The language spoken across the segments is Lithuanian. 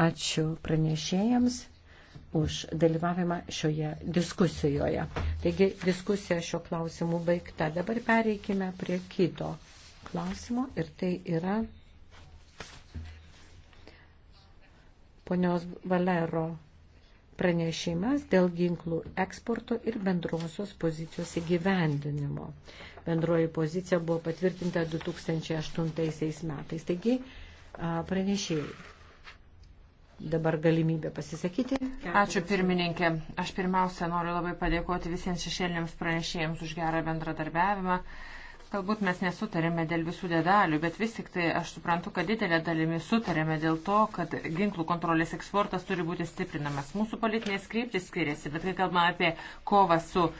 Ačiū pranešėjams už dalyvavimą šioje diskusijoje. Taigi diskusija šio klausimu baigta. Dabar pereikime prie kito klausimo ir tai yra ponios Valero pranešimas dėl ginklų eksporto ir bendrosios pozicijos įgyvendinimo. Bendroji pozicija buvo patvirtinta 2008 metais. Taigi pranešėjai dabar galimybę pasisakyti. Ačiū pirmininkė. Aš pirmiausia noriu labai padėkoti visiems šešėlėms pranešėjams už gerą bendradarbiavimą. Galbūt mes nesutarėme dėl visų dedalių, bet vis tik tai aš suprantu, kad didelė dalimi sutarėme dėl to, kad ginklų kontrolės eksportas turi būti stiprinamas. Mūsų politinės kryptis skiriasi, bet kai kalbame apie kovą su uh,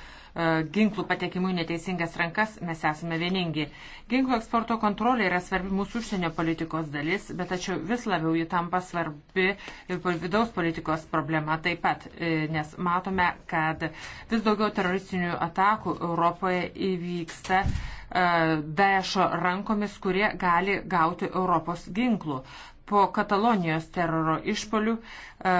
ginklų patekimu į neteisingas rankas, mes esame vieningi. Ginklų eksporto kontrolė yra svarbi mūsų užsienio politikos dalis, bet tačiau vis labiau ji tampa svarbi ir vidaus politikos problema taip pat, e, nes matome, kad vis daugiau teroristinių atakų Europoje įvyksta. Uh, E, Daešo rankomis, kurie gali gauti Europos ginklų. Po Katalonijos teroro išpolių e,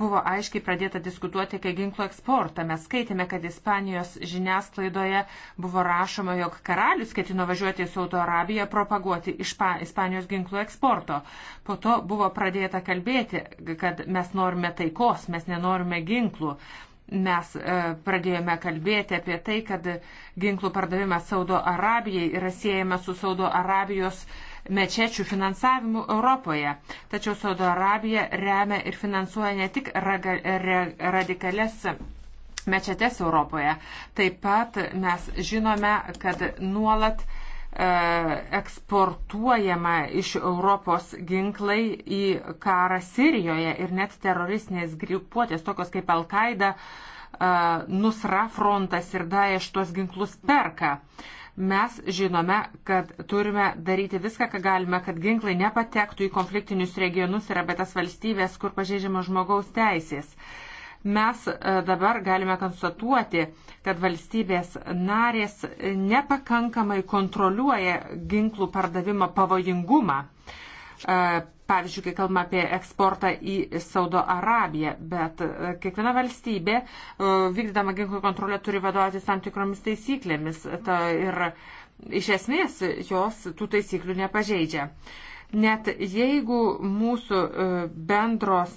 buvo aiškiai pradėta diskutuoti apie ginklų eksportą. Mes skaitėme, kad Ispanijos žiniasklaidoje buvo rašoma, jog karalius ketino važiuoti į Saudo Arabiją propaguoti Ispanijos ginklų eksporto. Po to buvo pradėta kalbėti, kad mes norime taikos, mes nenorime ginklų mes e, pradėjome kalbėti apie tai, kad ginklų pardavimas Saudo Arabijai yra siejamas su Saudo Arabijos mečečių finansavimu Europoje. Tačiau Saudo Arabija remia ir finansuoja ne tik raga, re, radikales mečetes Europoje. Taip pat mes žinome, kad nuolat E, eksportuojama iš Europos ginklai į karą Sirijoje ir net teroristinės grupuotės, tokios kaip Al-Qaida, e, Nusra frontas ir Daesh tuos ginklus perka. Mes žinome, kad turime daryti viską, ką galime, kad ginklai nepatektų į konfliktinius regionus ir abetas valstybės, kur pažeidžiama žmogaus teisės. Uh, Mes e, dabar galime konstatuoti, kad valstybės narės nepakankamai kontroliuoja ginklų pardavimo pavojingumą. E, pavyzdžiui, kai kalbame apie eksportą į Saudo Arabiją, bet e, kiekviena valstybė vykdama ginklų kontrolę turi vadovautis tam tikromis taisyklėmis ta ir iš esmės jos tų taisyklių nepažeidžia. Uh, Net jeigu mūsų e, bendros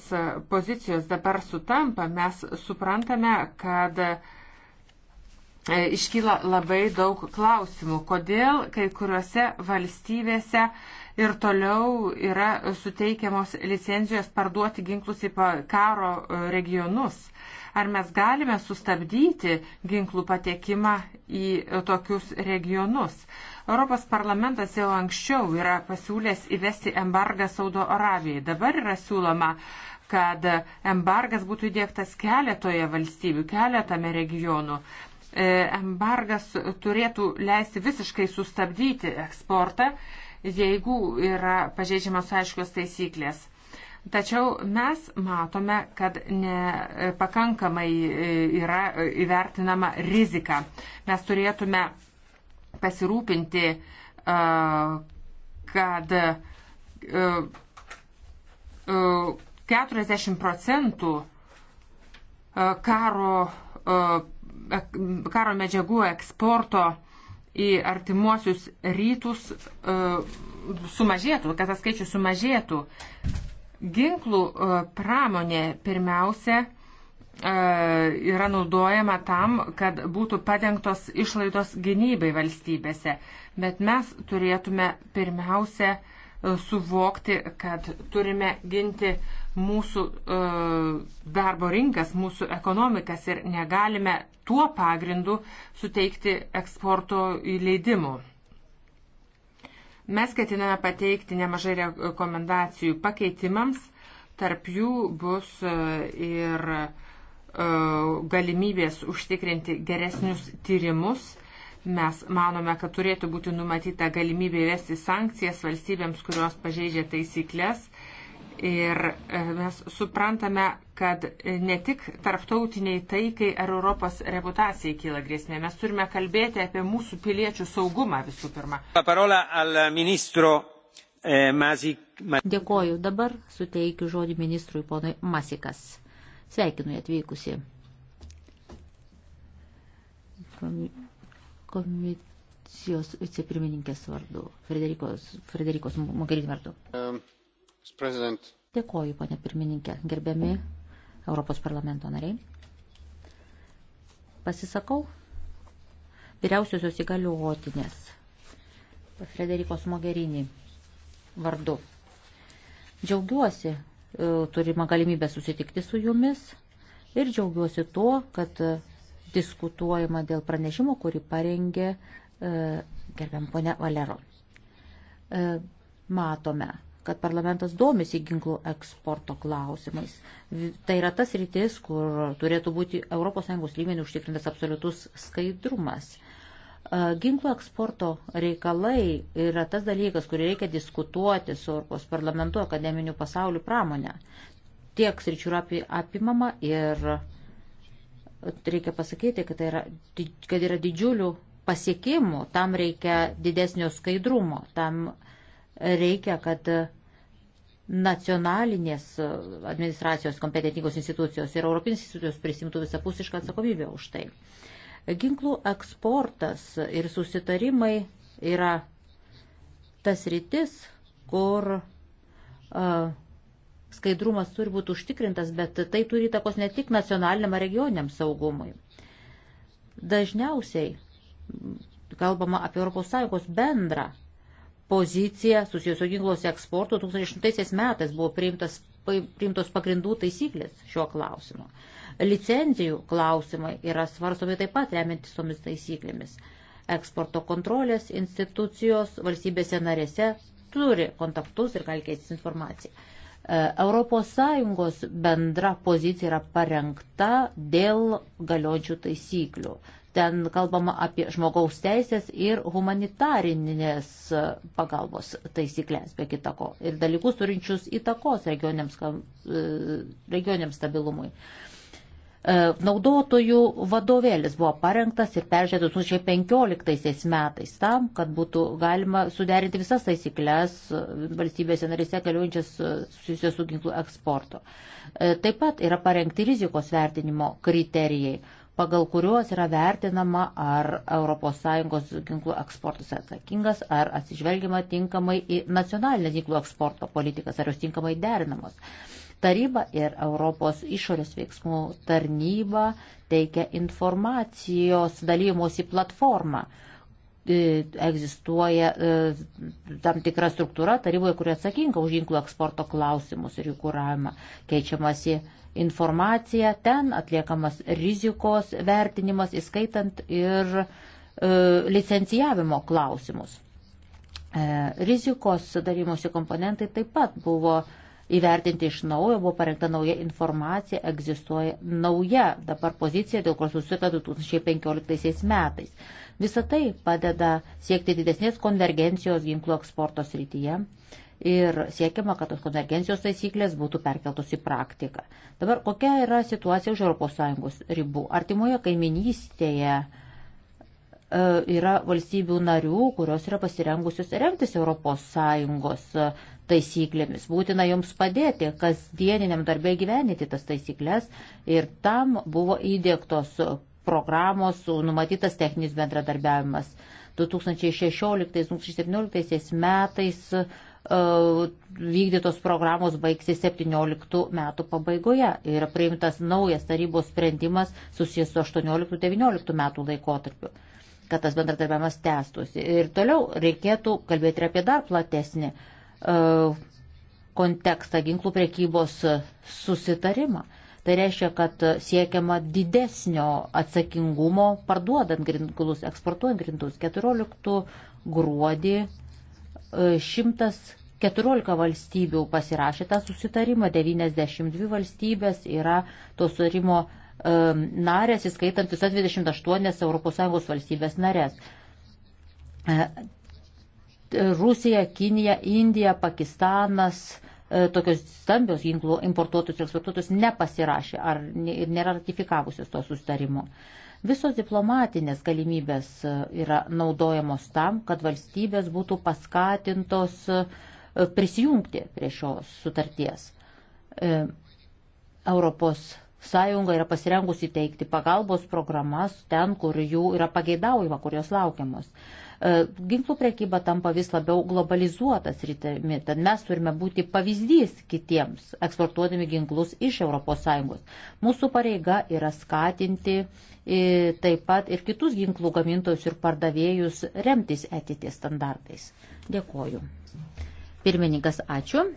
pozicijos dabar sutampa, mes suprantame, kad e, iškyla labai daug klausimų, kodėl kai kuriuose valstybėse ir toliau yra suteikiamos licenzijos parduoti ginklus į karo e, regionus. Ar mes galime sustabdyti ginklų patekimą į tokius regionus? Europos parlamentas jau anksčiau yra pasiūlęs įvesti embargą Saudo Arabijai. Dabar yra siūloma kad embargas būtų įdėktas keletoje valstybių, keletame regionų. E, embargas turėtų leisti visiškai sustabdyti eksportą, jeigu yra pažeidžiamas aiškios taisyklės. Tačiau mes matome, kad nepakankamai e, e, yra įvertinama rizika. Mes turėtume pasirūpinti, kad 40 procentų karo, karo medžiagų eksporto į artimuosius rytus sumažėtų, kad tas skaičius sumažėtų. Ginklų pramonė pirmiausia E, yra naudojama tam, kad būtų padengtos išlaidos gynybai valstybėse. Bet mes turėtume pirmiausia e, suvokti, kad turime ginti mūsų e, darbo rinkas, mūsų ekonomikas ir negalime tuo pagrindu suteikti eksporto įleidimų. Mes ketiname pateikti nemažai rekomendacijų pakeitimams, tarp jų bus ir uh, E, galimybės užtikrinti geresnius tyrimus. Mes manome, kad turėtų būti numatyta galimybė vesti sankcijas valstybėms, kurios pažeidžia taisyklės. Ir e, mes suprantame, kad ne tik tarptautiniai taikai ar Europos reputacijai kyla grėsmė. Mes turime kalbėti apie mūsų piliečių saugumą visų pirma. Eh, Dėkoju. Dabar suteikiu žodį ministrui ponui Masikas. Sveikinu ją atvykusi. Komisijos vicepirmininkės vardu, Frederikos, Frederikos Mogherini vardu. Um, Dėkoju, ponė pirmininkė, gerbiami Europos parlamento nariai. Pasisakau vyriausiosios įgaliotinės Frederikos Mogherini vardu. Džiaugiuosi, E, turime galimybę susitikti su jumis ir džiaugiuosi tuo, kad diskutuojama dėl pranešimo, kurį parengė e, gerbiam ponė Valero. E, matome, kad parlamentas domisi ginklų eksporto klausimais. Tai yra tas rytis, kur turėtų būti ES lygmenių užtikrintas absoliutus skaidrumas. Ginklo eksporto reikalai yra tas dalykas, kurį reikia diskutuoti su Europos parlamentu, akademiniu pasauliu pramonę. Tiek sričių yra apimama ir reikia pasakyti, kad, tai yra, kad yra didžiulių pasiekimų, tam reikia didesnio skaidrumo, tam reikia, kad nacionalinės administracijos kompetentingos institucijos ir europinės institucijos prisimtų visapusišką atsakomybę už tai. Uh, Ginklų eksportas ir susitarimai yra tas rytis, kur uh, skaidrumas turi būti užtikrintas, bet tai turi įtakos ne tik nacionaliniam ar regioniniam saugumui. Dažniausiai kalbama apie ES bendrą poziciją susijusio ginklos eksporto 2008 metais buvo priimtas, priimtos pagrindų taisyklės šiuo klausimu. Uh, Licenzijų klausimai yra svarstomi taip pat remiantis tomis taisyklėmis. Eksporto kontrolės institucijos valstybėse narėse turi kontaktus ir gali keistis informaciją. ES bendra pozicija yra parengta dėl galiojančių taisyklių. Ten kalbama apie žmogaus teisės ir humanitarinės pagalbos taisyklės, be kitako, ir dalykus turinčius įtakos regioniams, e, regioniams stabilumui. E, naudotojų vadovėlis buvo parengtas ir peržiūrėtas 2015 metais tam, kad būtų galima suderinti visas taisyklės valstybėse narise galiojančias susijusios su ginklų eksporto. E, taip pat yra parengti rizikos vertinimo kriterijai, pagal kuriuos yra vertinama, ar ES ginklų eksportas atsakingas, ar atsižvelgiama tinkamai į nacionalinę ginklų eksporto politikas, ar jos tinkamai derinamos. Taryba ir Europos išorės veiksmų tarnyba teikia informacijos dalymosi platformą. E, egzistuoja e, tam tikra struktūra taryboje, kuri atsakinga už ginklų eksporto klausimus ir jų kūravimą. Keičiamasi informacija, ten atliekamas rizikos vertinimas, įskaitant ir e, licencijavimo klausimus. Rizikos darymosi komponentai taip pat buvo įvertinti iš naujo, buvo parengta nauja informacija, egzistuoja nauja dabar pozicija, dėl kurios susitarta 2015 metais. Visą tai padeda siekti didesnės konvergencijos ginklų eksporto srityje ir siekiama, kad tos konvergencijos taisyklės būtų perkeltos į praktiką. Dabar kokia yra situacija už ES ribų? Artimoje kaiminystėje E, yra valstybių narių, kurios yra pasirengusios remtis ES e, taisyklėmis. Būtina joms padėti kasdieniniam darbė gyveninti tas taisyklės ir tam buvo įdėktos programos, numatytas techninis bendradarbiavimas. 2016-2017 metais e, vykdytos programos baigsi 17 metų pabaigoje ir priimtas naujas tarybos sprendimas susijęs su 18-19 metų laikotarpiu kad tas bendradarbiavimas tęstųsi. Ir toliau reikėtų kalbėti ir apie dar platesnį e, kontekstą ginklų priekybos susitarimą. Tai reiškia, kad siekiama didesnio atsakingumo parduodant grindus, eksportuojant grindus. 14 gruodį 114 e, valstybių pasirašė tą susitarimą, 92 valstybės yra to sutarimo Um, narės, įskaitant visas 28 ES valstybės narės. Uh, Rusija, Kinija, Indija, Pakistanas, uh, tokios stambios ginklų importuotus ir eksportuotus nepasirašė ar nėra ratifikavusios to sustarimo. Visos diplomatinės galimybės uh, yra naudojamos tam, kad valstybės būtų paskatintos prisijungti prie šios sutarties. Europos Sąjunga yra pasirengusi teikti pagalbos programas ten, kur jų yra pageidaujama, kur jos laukiamos. E, ginklų priekyba tampa vis labiau globalizuotas rytami, tad mes turime būti pavyzdys kitiems, eksportuodami ginklus iš ES. Mūsų pareiga yra skatinti e, taip pat ir kitus ginklų gamintojus ir pardavėjus remtis etitės standartais. Dėkoju. Pirmininkas, ačiū.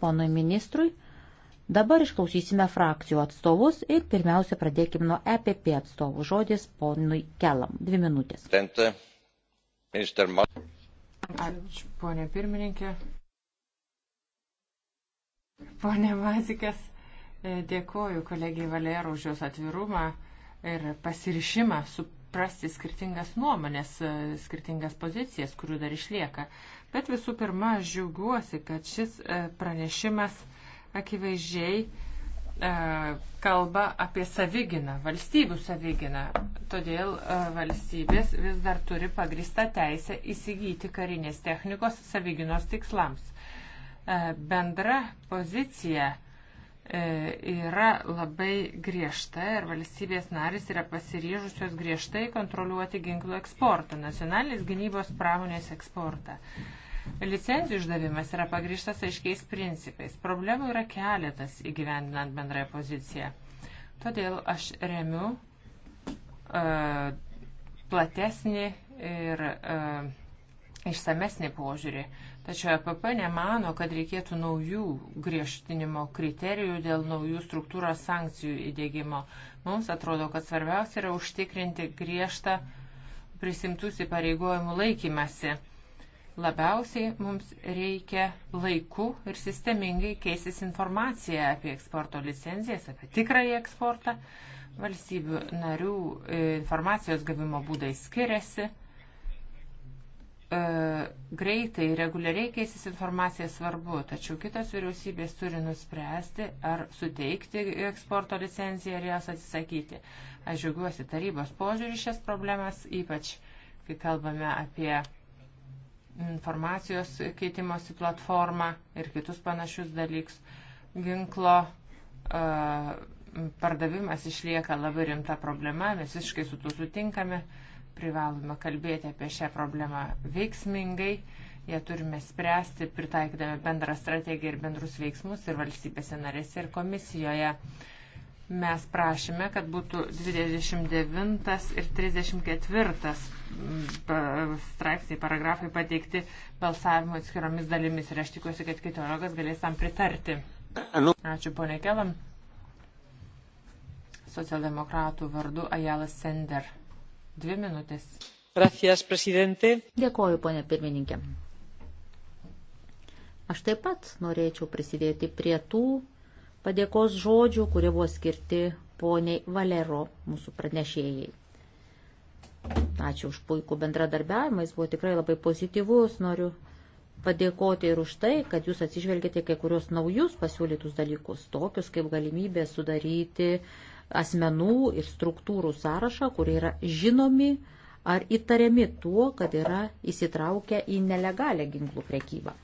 Ponui ministrui. Dabar išklausysime frakcijų atstovus ir pirmiausia pradėkime nuo EPP atstovų. Žodis ponui Kelam. Dvi minutės. Ačiū, ponė pirmininkė. Pone Mazikas, e, dėkoju kolegijai Valerų už jos atvirumą ir pasirišimą suprasti skirtingas nuomonės, e, skirtingas pozicijas, kurių dar išlieka. Bet visų pirma, aš džiaugiuosi, kad šis e, pranešimas akivaizdžiai e, kalba apie saviginą, valstybių saviginą. Todėl e, valstybės vis dar turi pagristą teisę įsigyti karinės technikos saviginos tikslams. E, bendra pozicija yra labai griežta ir valstybės narys yra pasiryžusios griežtai kontroliuoti ginklų eksportą, nacionalinės gynybos pramonės eksportą. Licencijų išdavimas yra pagrįžtas aiškiais principais. Problemų yra keletas įgyvendinant bendrąją poziciją. Todėl aš remiu uh, platesnį ir uh, išsamesnį požiūrį. Tačiau EPP nemano, kad reikėtų naujų griežtinimo kriterijų dėl naujų struktūros sankcijų įdėgymo. Mums atrodo, kad svarbiausia yra užtikrinti griežtą prisimtus įpareigojimų laikymasi. Labiausiai mums reikia laiku ir sistemingai keisis informacija apie eksporto licenzijas, apie tikrąjį eksportą. Valstybių narių e, informacijos gavimo būdai skiriasi. E, greitai, reguliariai keisis informacija svarbu, tačiau kitos vyriausybės turi nuspręsti, ar suteikti eksporto licenciją ar jas atsisakyti. Aš žiūriuosi tarybos požiūrį šias problemas, ypač kai kalbame apie informacijos keitimosi platformą ir kitus panašius dalykus. Ginklo uh, pardavimas išlieka labai rimta problema, mes visiškai su tuo sutinkame, privalome kalbėti apie šią problemą veiksmingai, ją turime spręsti, pritaikydami bendrą strategiją ir bendrus veiksmus ir valstybėse narėse ir komisijoje. Uh, Mes prašėme, kad būtų 29 ir 34 mm, straipsniai, paragrafai pateikti balsavimo atskiromis dalimis ir aš tikiuosi, kad kitologas galės tam pritarti. Ačiū ponė Kelam. Socialdemokratų vardu Ajalas Sender. Dvi minutės. Gracias, prezidente. Dėkoju, ponė pirmininkė. Aš taip pat norėčiau prisidėti prie tų padėkos žodžių, kurie buvo skirti poniai Valero, mūsų pranešėjai. Ačiū už puikų bendradarbiavimą, jis buvo tikrai labai pozityvus, noriu padėkoti ir už tai, kad jūs atsižvelgėte kai kurios naujus pasiūlytus dalykus, tokius kaip galimybė sudaryti asmenų ir struktūrų sąrašą, kurie yra žinomi ar įtariami tuo, kad yra įsitraukę į nelegalę ginklų prekybą.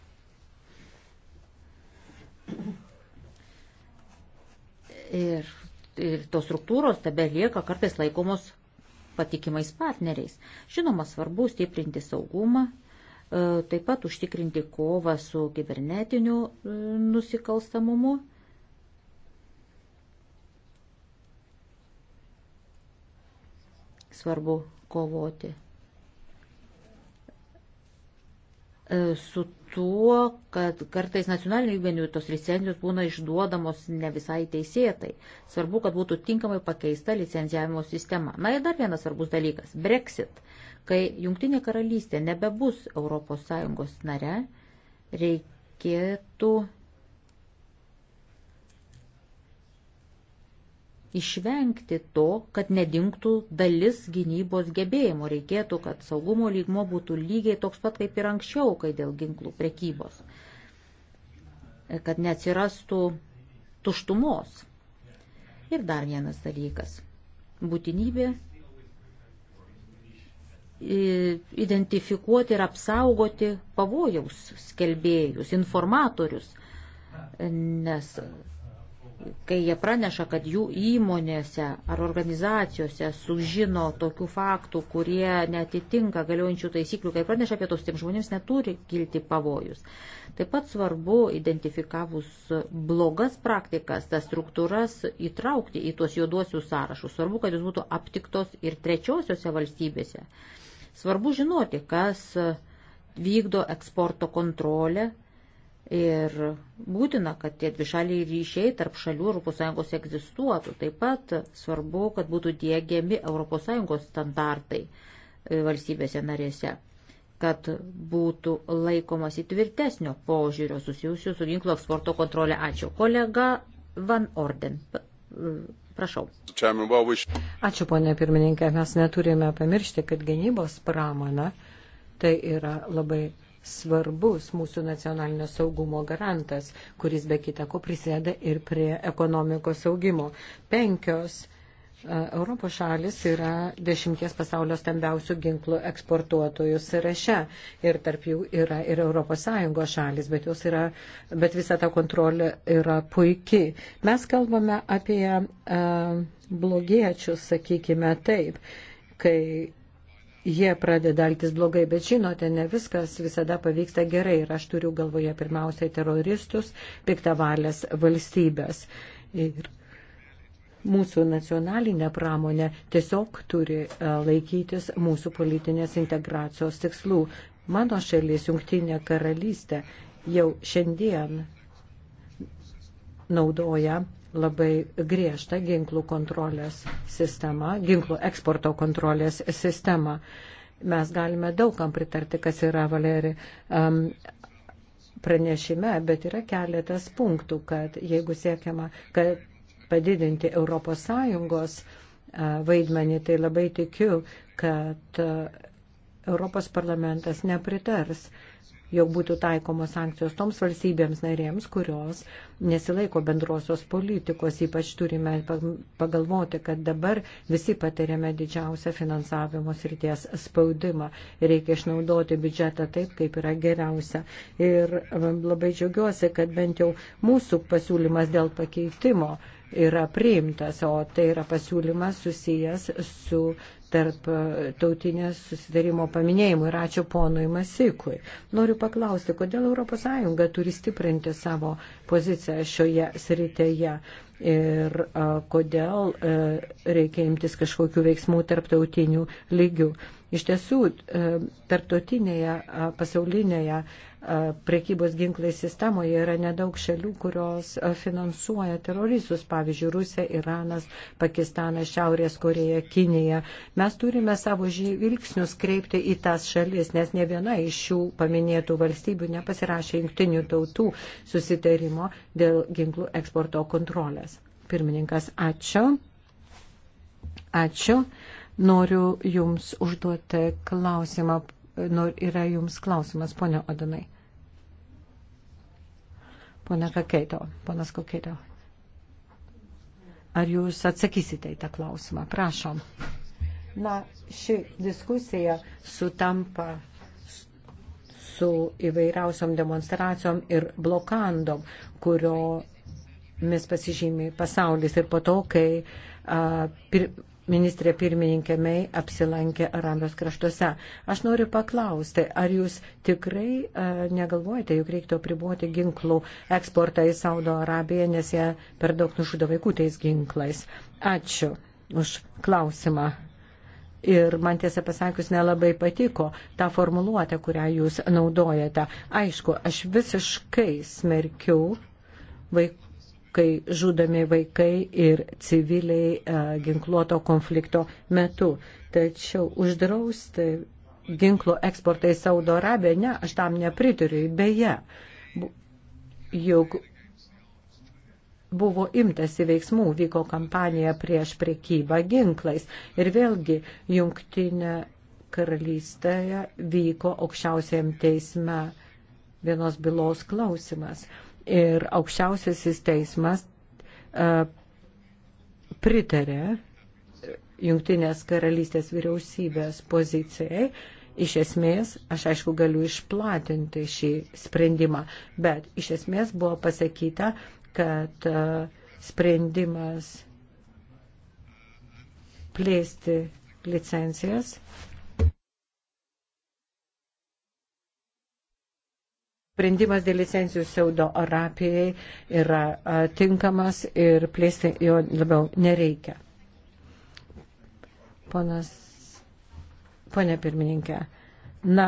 Ir, ir tos struktūros tebe lieka kartais laikomos patikimais partneriais. Žinoma, svarbu stiprinti saugumą, e, taip pat užtikrinti kovą su kibernetiniu e, nusikalstamumu. Svarbu kovoti E, su tuo, kad kartais nacionalinių lygmenių tos licencijos būna išduodamos ne visai teisėtai. Svarbu, kad būtų tinkamai pakeista licencijavimo sistema. Na ir dar vienas svarbus dalykas - Brexit. Kai Junktinė karalystė nebebus ES nare, reikėtų išvengti to, kad nedingtų dalis gynybos gebėjimų. Reikėtų, kad saugumo lygmo būtų lygiai toks pat kaip ir anksčiau, kai dėl ginklų prekybos. Kad neatsirastų tuštumos. Ir dar vienas dalykas. Būtinybė identifikuoti ir apsaugoti pavojaus skelbėjus, informatorius, nes kai jie praneša, kad jų įmonėse ar organizacijose sužino tokių faktų, kurie netitinka galiojančių taisyklių, kai praneša apie tos tiem žmonėms neturi kilti pavojus. Taip pat svarbu, identifikavus blogas praktikas, tas struktūras įtraukti į tuos juoduosius sąrašus. Svarbu, kad jos būtų aptiktos ir trečiosiose valstybėse. Svarbu žinoti, kas vykdo eksporto kontrolę Ir būtina, kad tie dvišaliai ryšiai tarp šalių ES egzistuotų. Taip pat svarbu, kad būtų dėgiami ES standartai e, valstybėse narėse, kad būtų laikomas įtvirtesnio požiūrio susijusiu su ginklo eksporto kontrolė. Ačiū. Kolega Van Orden. E, prašau. Ačiū, ponė pirmininkė. Mes neturime pamiršti, kad gynybos pramona tai yra labai svarbus mūsų nacionalinio saugumo garantas, kuris be kitako prisėda ir prie ekonomikos augimo. Penkios e, Europos šalis yra dešimties pasaulio stambiausių ginklų eksportuotojų sąraše ir tarp jų yra ir Europos Sąjungos šalis, bet, yra, bet visa ta kontrolė yra puikiai. Mes kalbame apie a, e, blogiečius, sakykime taip, kai jie pradeda elgtis blogai, bet žinote, ne viskas visada pavyksta gerai ir aš turiu galvoje pirmiausiai teroristus, piktavalės valstybės. Ir mūsų nacionalinė pramonė tiesiog turi e, laikytis mūsų politinės integracijos tikslų. Mano šalis, Junktinė karalystė, jau šiandien naudoja labai griežtą ginklų kontrolės sistemą, ginklų eksporto kontrolės sistemą. Mes galime daugam pritarti, kas yra Valeri um, pranešime, bet yra keletas punktų, kad jeigu siekiama, kad padidinti ES uh, vaidmenį, tai labai tikiu, kad uh, Europos parlamentas nepritars jog būtų taikomos sankcijos toms valstybėms narėms, kurios nesilaiko bendrosios politikos. Ypač turime pagalvoti, kad dabar visi patiriame didžiausią finansavimo srities spaudimą. Reikia išnaudoti biudžetą taip, kaip yra geriausia. Ir um, labai džiaugiuosi, kad bent jau mūsų pasiūlymas dėl pakeitimo yra priimtas, o tai yra pasiūlymas susijęs su tarp tautinės susidarimo paminėjimų ir ačiū ponui Masikui. Noriu paklausti, kodėl ES turi stiprinti savo poziciją šioje srityje ir a, kodėl a, reikia imtis kažkokių veiksmų tarptautinių lygių. Iš tiesų, a, tarptautinėje a, pasaulinėje a, prekybos ginklais sistemoje yra nedaug šalių, kurios finansuoja teroristus, pavyzdžiui, Rusija, Iranas, Pakistanas, Šiaurės Koreja, Kinija. Mes turime savo žvilgsnius kreipti į tas šalis, nes ne viena iš šių paminėtų valstybių nepasirašė jungtinių tautų susitarimo dėl ginklų eksporto kontrolės. Pirmininkas, ačiū. Ačiū. Noriu Jums užduoti klausimą. Nor, yra Jums klausimas, ponia Odinai. Pone Kakeito, ponas Kakeito, ar jūs atsakysite į tą klausimą? Prašom. Na, ši diskusija sutampa su įvairiausiom demonstracijom ir blokandom, kurio mes pasižymė pasaulis ir po to, kai a, pir, ministrė pirmininkė Mei apsilankė Arabijos kraštuose. Aš noriu paklausti, ar jūs tikrai e, negalvojate, juk reiktų apriboti ginklų eksportą į Saudo Arabiją, nes jie per daug nužudo vaikų tais ginklais. Ačiū už klausimą. Ir man tiesą pasakius nelabai patiko ta formuluotė, kurią jūs naudojate. Aišku, aš visiškai smerkiu vaikų kai žudomi vaikai ir civiliai ginkluoto konflikto metu. Tačiau uždrausti ginklo eksportą į Saudo Arabiją, ne, aš tam neprituriu. Beje, juk buvo imtasi veiksmų, vyko kampanija prieš priekybą ginklais. Ir vėlgi jungtinė karalystėje vyko aukščiausiam teisme vienos bylos klausimas ir aukščiausiasis teismas e, pritarė Jungtinės karalystės vyriausybės pozicijai. Iš esmės, aš aišku galiu išplatinti šį sprendimą, bet iš esmės buvo pasakyta, kad e, sprendimas plėsti licencijas Sprendimas dėl licencijų Saudo Arabijai yra a, tinkamas ir plėsti jo labiau nereikia. Ponas, ponė pirmininkė, na,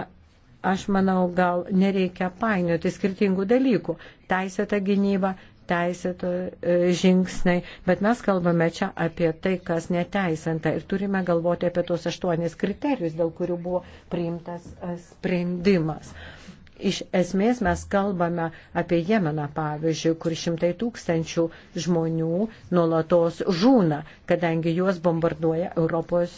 aš manau, gal nereikia painioti skirtingų dalykų. Teisėta gynyba, teisėto e, žingsniai, bet mes kalbame čia apie tai, kas neteisanta ir turime galvoti apie tos aštuonis kriterijus, dėl kurių buvo priimtas e, sprendimas. Iš esmės mes kalbame apie Jemeną, pavyzdžiui, kur šimtai tūkstančių žmonių nuolatos žūna, kadangi juos bombarduoja Europos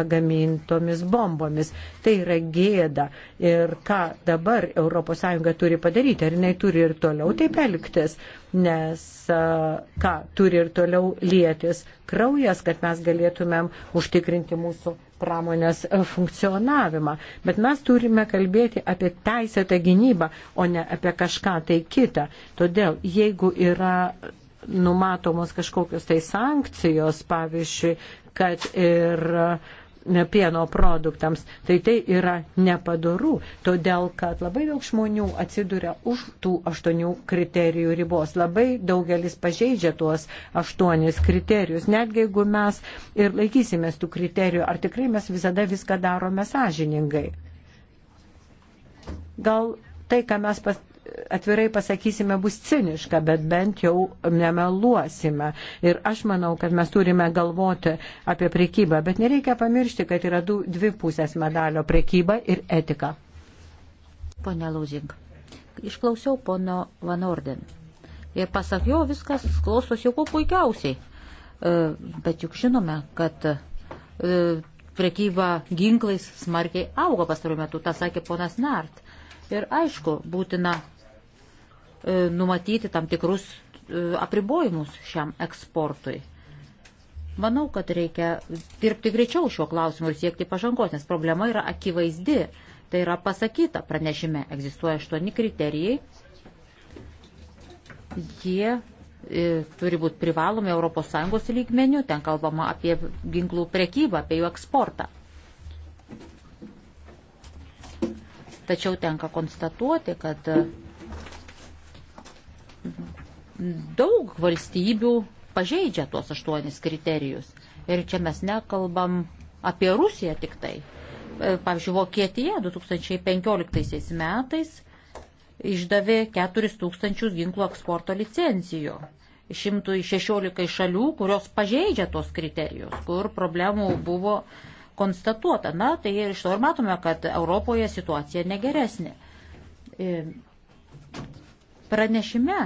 pagamintomis bombomis. Tai yra gėda. Ir ką dabar ES turi padaryti? Ar jinai turi ir toliau taip elgtis? Nes ką turi ir toliau lietis kraujas, kad mes galėtumėm užtikrinti mūsų pramonės e, funkcionavimą. Bet mes turime kalbėti apie teisėtą gynybą, o ne apie kažką tai kitą. Todėl, jeigu yra numatomos kažkokios tai sankcijos, pavyzdžiui, kad ir uh, pieno produktams, tai tai yra nepadaru, todėl kad labai daug žmonių atsiduria už tų aštuonių kriterijų ribos. Labai daugelis pažeidžia tuos aštuonis kriterijus. Netgi jeigu mes ir laikysimės tų kriterijų, ar tikrai mes visada viską darome sąžiningai. Gal tai, ką mes pas, atvirai pasakysime, bus ciniška, bet bent jau nemeluosime. Ir aš manau, kad mes turime galvoti apie priekybą, bet nereikia pamiršti, kad yra du, dvi pusės medalio - priekyba ir etika. Pone Lūzink, išklausiau pono Van Orden. Ir pasak jo, viskas klausosi jau puikiausiai. E, bet juk žinome, kad e, prekyba ginklais smarkiai augo pastaruoju metu, tą sakė ponas Nart. Ir aišku, būtina E, numatyti tam tikrus e, apribojimus šiam eksportui. Manau, kad reikia dirbti greičiau šiuo klausimu ir siekti pažangos, nes problema yra akivaizdi. Tai yra pasakyta pranešime, egzistuoja aštuoni kriterijai. Jie e, turi būti privalomi ES lygmenių, ten kalbama apie ginklų prekybą, apie jų eksportą. Tačiau tenka konstatuoti, kad daug valstybių pažeidžia tuos aštuonis kriterijus. Ir čia mes nekalbam apie Rusiją tik tai. E, pavyzdžiui, Vokietija 2015 metais išdavė 4000 ginklų eksporto licencijų. 116 šalių, kurios pažeidžia tos kriterijus, kur problemų buvo konstatuota. Na, tai iš to ir matome, kad Europoje situacija negeresnė e, Pranešime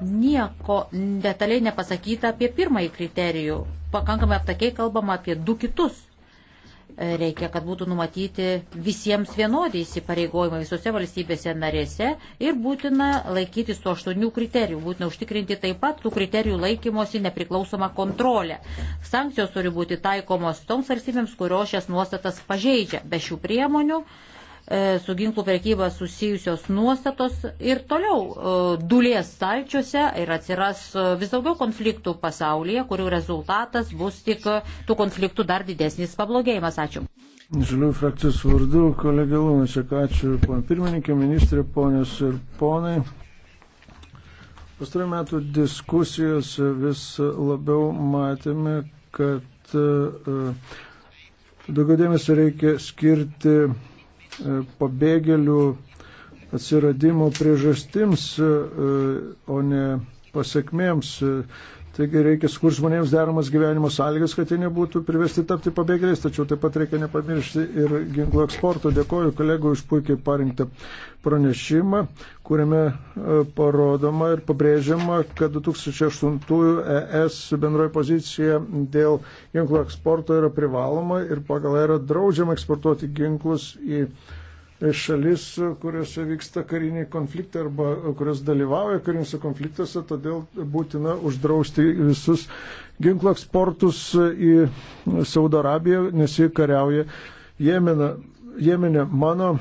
nieko detaliai nepasakyta apie pirmąjį kriterijų. Pakankamai aptakiai kalbama apie du kitus. E, reikia, kad būtų numatyti visiems vienodai įsipareigojimai visose valstybėse narėse ir būtina laikytis tų aštuonių kriterijų. Būtina užtikrinti taip pat tų kriterijų laikymosi nepriklausomą kontrolę. Sankcijos turi būti taikomos toms valstybėms, kurios šias nuostatas pažeidžia. Be šių priemonių uh, E, su ginklų prekyba susijusios nuostatos ir toliau e, dulės stalčiuose ir atsiras e, vis daugiau konfliktų pasaulyje, kurių rezultatas bus tik tų konfliktų dar didesnis pablogėjimas. Ačiū. Žaliųjų frakcijos vardu, kolegė Lunačiak, ačiū, pon pirmininkė, ministrė, ponios ir ponai. Pastarų metų diskusijos vis labiau matėme, kad daugiau dėmesio reikia skirti E, pabėgėlių atsiradimo priežastims, e, o ne pasiekmėms. E, taigi reikia skur žmonėms deramas gyvenimo sąlygas, kad jie nebūtų privesti tapti pabėgėliais, tačiau taip pat reikia nepamiršti ir ginklų eksporto. Dėkoju kolegų už puikiai parinktą pranešimą kuriame e, parodoma ir pabrėžiama, kad 2008 ES bendroji pozicija dėl ginklų eksporto yra privaloma ir pagal ją yra draudžiama eksportuoti ginklus į šalis, kuriuose vyksta kariniai konfliktai arba kurios dalyvauja kariniuose konfliktuose, todėl būtina uždrausti visus ginklų eksportus į Saudo Arabiją, nes jie kariauja Jemeną. Jemenė mano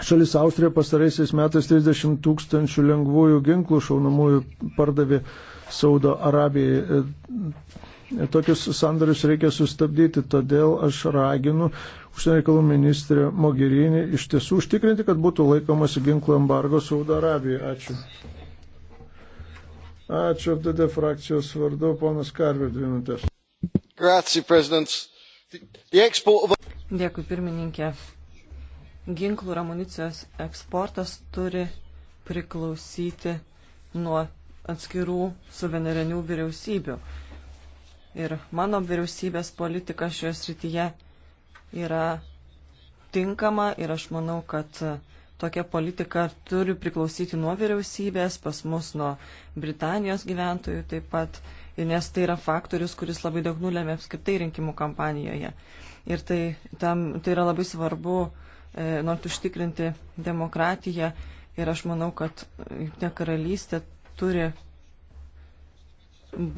Šalis Austrija pastaraisiais metais 30 tūkstančių lengvųjų ginklų šaunamųjų pardavė Saudo Arabijai. E, tokius sandarius reikia sustabdyti, todėl aš raginu užsienio reikalų ministrė Mogirinį iš tiesų užtikrinti, kad būtų laikomasi ginklų embargo Saudo Arabijai. Ačiū. Ačiū FDD frakcijos vardu, ponas Karvė, dvi minutės. Grazie, Dėkui, pirmininkė ginklų ir amunicijos eksportas turi priklausyti nuo atskirų suvenerenių vyriausybių. Ir mano vyriausybės politika šioje srityje yra tinkama ir aš manau, kad tokia politika turi priklausyti nuo vyriausybės, pas mus nuo Britanijos gyventojų taip pat, nes tai yra faktorius, kuris labai daug nulėmė apskritai rinkimų kampanijoje. Ir tai, tam, tai yra labai svarbu uh, E, norint užtikrinti demokratiją. Ir aš manau, kad Junktinė karalystė turi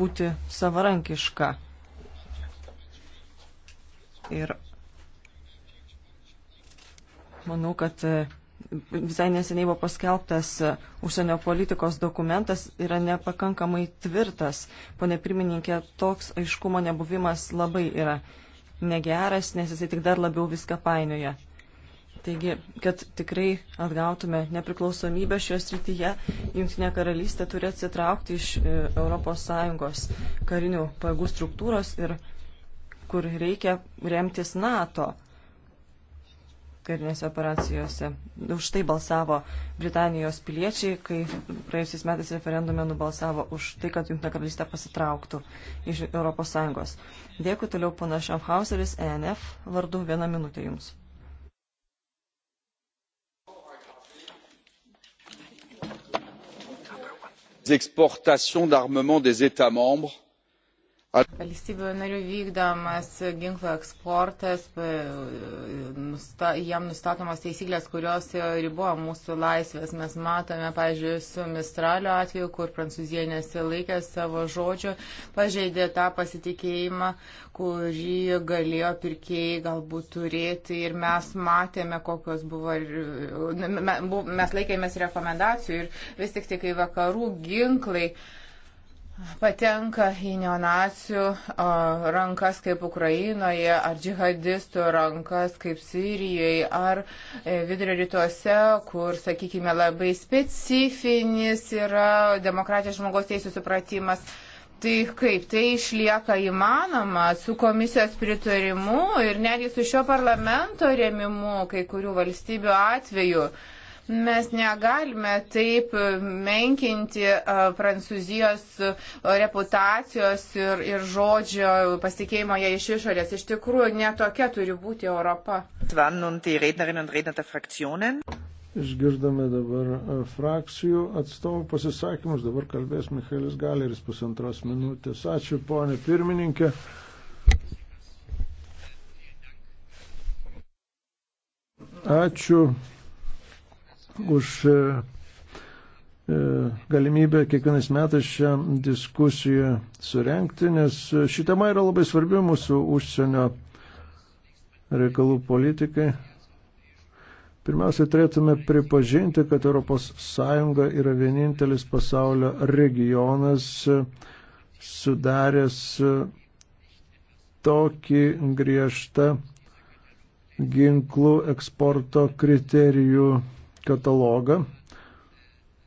būti savarankiška. Ir manau, kad e, visai neseniai buvo paskelbtas e, užsienio politikos dokumentas yra nepakankamai tvirtas. Pone pirmininkė, toks aiškumo nebuvimas labai yra negeras, nes jisai tik dar labiau viską painioja. Taigi, kad tikrai atgautume nepriklausomybę šioje srityje, Junktinė karalystė turi atsitraukti iš ES karinių pajėgų struktūros ir kur reikia remtis NATO karinėse operacijose. Už tai balsavo Britanijos piliečiai, kai praėjusiais metais referendume nubalsavo už tai, kad Junktinė karalystė pasitrauktų iš ES. Dėkui toliau pana Schaffhauseris, ENF, vardu vieną minutę jums. exportations d'armement des états membres. Ar... Valstybių narių vykdomas ginklo eksportas, nusta, jam nustatomos teisyklės, kurios riboja mūsų laisvės. Mes matome, pavyzdžiui, su Mistralio atveju, kur Prancūzija nesilaikė savo žodžio, pažeidė tą pasitikėjimą, kurį galėjo pirkėjai galbūt turėti. Ir mes matėme, kokios buvo, mes laikėmės rekomendacijų ir vis tik tai, kai vakarų ginklai patenka į neonacijų rankas kaip Ukrainoje, ar džihadistų rankas kaip Sirijoje, ar e, vidurio rytuose, kur, sakykime, labai specifinis yra demokratijos žmogaus teisų supratimas. Tai kaip tai išlieka įmanoma su komisijos pritarimu ir netgi su šio parlamento remimu kai kurių valstybių atveju. Uh, Mes negalime taip menkinti Prancūzijos reputacijos ir, ir žodžio pasikeimo ją iš išorės. Iš tikrųjų, netokia turi būti Europa. Išgirdome dabar frakcijų atstovų pasisakymus, dabar kalbės Michaelis Galeris pusantros minutės. Ačiū, ponė pirmininkė. Ačiū už e, e, galimybę kiekvienais metais šią diskusiją surenkti, nes ši tema yra labai svarbi mūsų užsienio reikalų politikai. Pirmiausia, turėtume pripažinti, kad ES yra vienintelis pasaulio regionas e, sudaręs tokį griežtą ginklų eksporto kriterijų katalogą.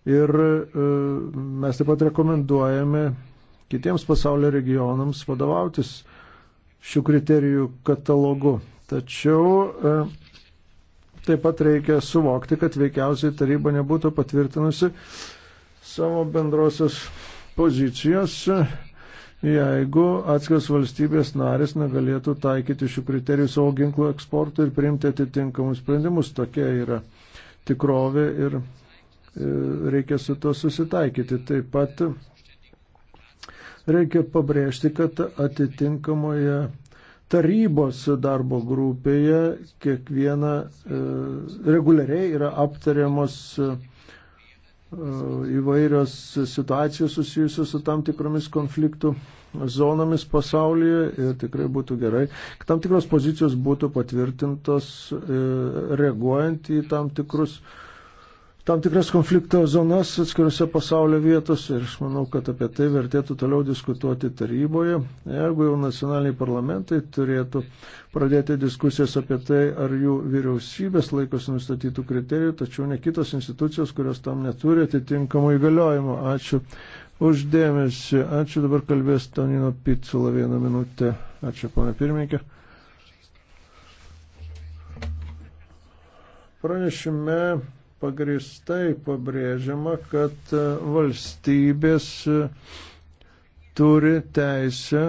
Ir e, mes taip pat rekomenduojame kitiems pasaulio regionams vadovautis šių kriterijų katalogu. Tačiau e, taip pat reikia suvokti, kad veikiausiai taryba nebūtų patvirtinusi savo bendrosios pozicijos, jeigu atskios valstybės narės negalėtų taikyti šių kriterijų savo ginklų eksportui ir priimti atitinkamus sprendimus. Tokia yra tikrovė ir e, reikia su to susitaikyti. Taip pat reikia pabrėžti, kad atitinkamoje tarybos darbo grupėje kiekviena e, reguliariai yra aptariamos e, įvairios situacijos susijusios su tam tikromis konfliktų zonomis pasaulyje ir tikrai būtų gerai, kad tam tikros pozicijos būtų patvirtintos e, reaguojant į tam tikrus tam tikras konflikto zonas atskiriuose pasaulio vietose ir aš manau, kad apie tai vertėtų toliau diskutuoti taryboje. Jeigu jau nacionaliniai parlamentai turėtų pradėti diskusijas apie tai, ar jų vyriausybės laikosi nustatytų kriterijų, tačiau ne kitos institucijos, kurios tam neturi atitinkamų įgaliojimų. Ačiū uždėmesi. Ačiū dabar kalbės Tonino Picula vieną minutę. Ačiū, pana pirmininkė. Pranešime pagristai pabrėžiama, kad e, valstybės e, turi teisę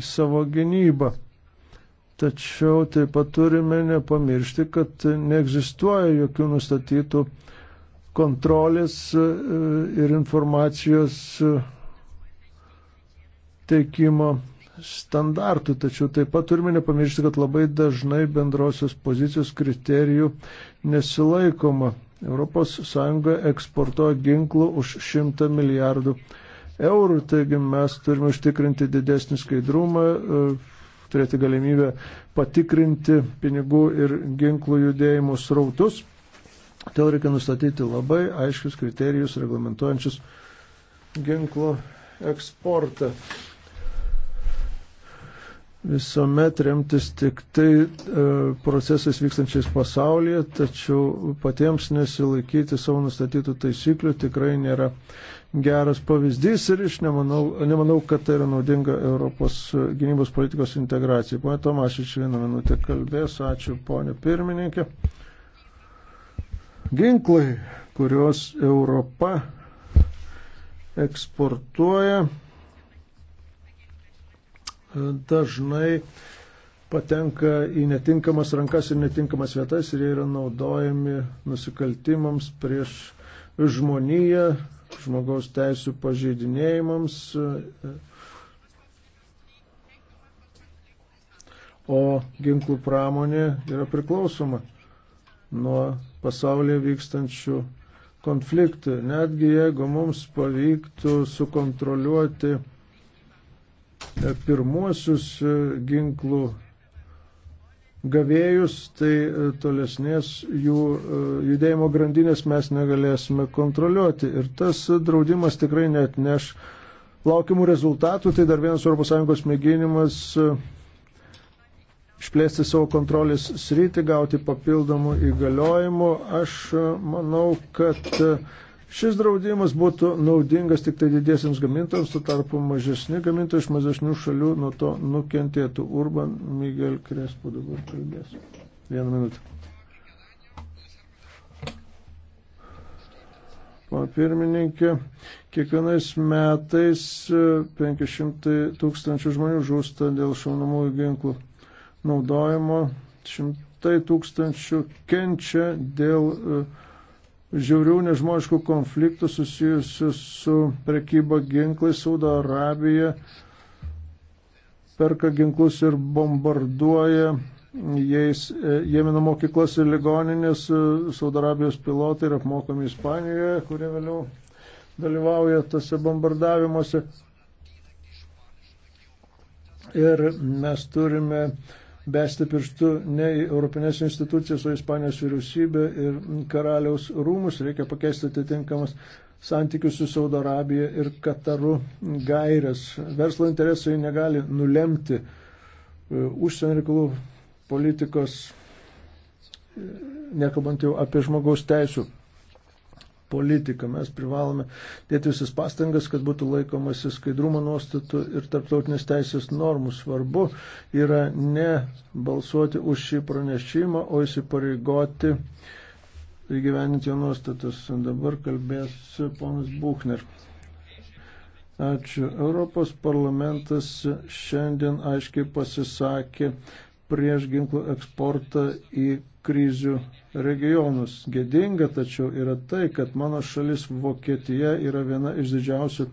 į savo gynybą. Tačiau taip pat turime nepamiršti, kad neegzistuoja jokių nustatytų kontrolės e, ir informacijos teikimo standartų, tačiau taip pat turime nepamiršti, kad labai dažnai bendrosios pozicijos kriterijų nesilaikoma. ES eksportuoja ginklų už 100 milijardų eurų, taigi mes turime užtikrinti didesnį skaidrumą, e, turėti galimybę patikrinti pinigų ir ginklų judėjimų srautus. Todėl reikia nustatyti labai aiškius kriterijus reglamentuojančius ginklo eksportą visuomet remtis tik tai e, procesais vykstančiais pasaulyje, tačiau patiems nesilaikyti savo nustatytų taisyklių tikrai nėra geras pavyzdys ir aš nemanau, nemanau kad tai yra naudinga Europos gynybos politikos integracijai. Pone Tomašič, vieną minutę kalbės, ačiū ponė pirmininkė. Ginklai, kuriuos Europa eksportuoja dažnai patenka į netinkamas rankas ir netinkamas vietas ir jie yra naudojami nusikaltimams prieš žmoniją, žmogaus teisų pažeidinėjimams. O ginklų pramonė yra priklausoma nuo pasaulyje vykstančių konfliktų. Netgi jeigu mums pavyktų sukontroliuoti E, pirmuosius e, ginklų gavėjus, tai e, tolesnės jų judėjimo grandinės mes negalėsime kontroliuoti. Ir tas draudimas tikrai net neš laukimų rezultatų. Tai dar vienas ES mėginimas išplėsti savo kontrolės sritį, gauti papildomų įgaliojimų. Aš manau, kad Šis draudimas būtų naudingas tik tai didiesiams gamintojams, tu tarpu mažesni gamintojai iš mažesnių šalių nuo to nukentėtų. Urban Miguel Krespo dabar kalbės. Vieną minutę. Pana pirmininkė, kiekvienais metais 500 e, tūkstančių žmonių žūsta dėl šaunamųjų ginklų naudojimo, šimtai tūkstančių kenčia dėl uh, žiaurių nežmoniškų konfliktų susijusių su prekyba ginklais Saudo Arabija perka ginklus ir bombarduoja jais e, Jemeno mokyklas ir ligoninės, e, Saudo Arabijos pilotai yra apmokami Ispanijoje, kurie vėliau dalyvauja tose bombardavimuose. Ir mes turime uh, besti pirštu ne į Europinės institucijas, o į Ispanijos vyriausybę ir karaliaus rūmus. Reikia pakeisti atitinkamas santykius su Saudo Arabija ir Kataru gairias. Verslo interesai negali nulemti e, užsienio reikalų politikos, e, nekalbant jau apie žmogaus teisų politiką. Mes privalome dėti visas pastangas, kad būtų laikomasi skaidrumo nuostatų ir tarptautinės teisės normų. Svarbu yra ne balsuoti už šį pranešimą, o įsipareigoti įgyveninti jo nuostatas. Dabar kalbės ponas Buchner. Ačiū. Europos parlamentas šiandien aiškiai pasisakė prieš ginklų eksportą į krizių regionus. Gėdinga tačiau yra tai, kad mano šalis Vokietija yra viena iš didžiausių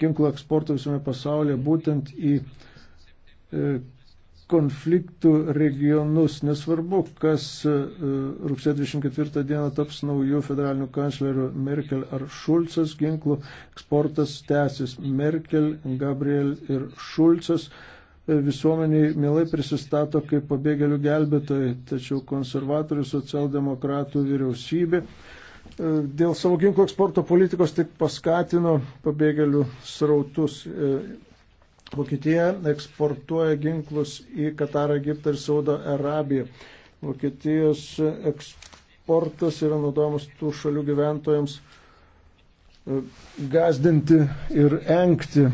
ginklų eksportų visame pasaulyje būtent į e, konfliktų regionus. Nesvarbu, kas e, rugsėjo 24 dieną taps naujų federalinių kanclerių Merkel ar Šulcas, ginklų eksportas tęsis Merkel, Gabriel ir Šulcas visuomeniai mielai prisistato kaip pabėgėlių gelbėtojai, tačiau konservatorių socialdemokratų vyriausybė e, dėl savo ginklų eksporto politikos tik paskatino pabėgėlių srautus. E, Vokietija eksportuoja ginklus į Katarą, Egiptą ir Saudo Arabiją. Vokietijos eksportas yra naudojamas tų šalių gyventojams e, gazdinti ir engti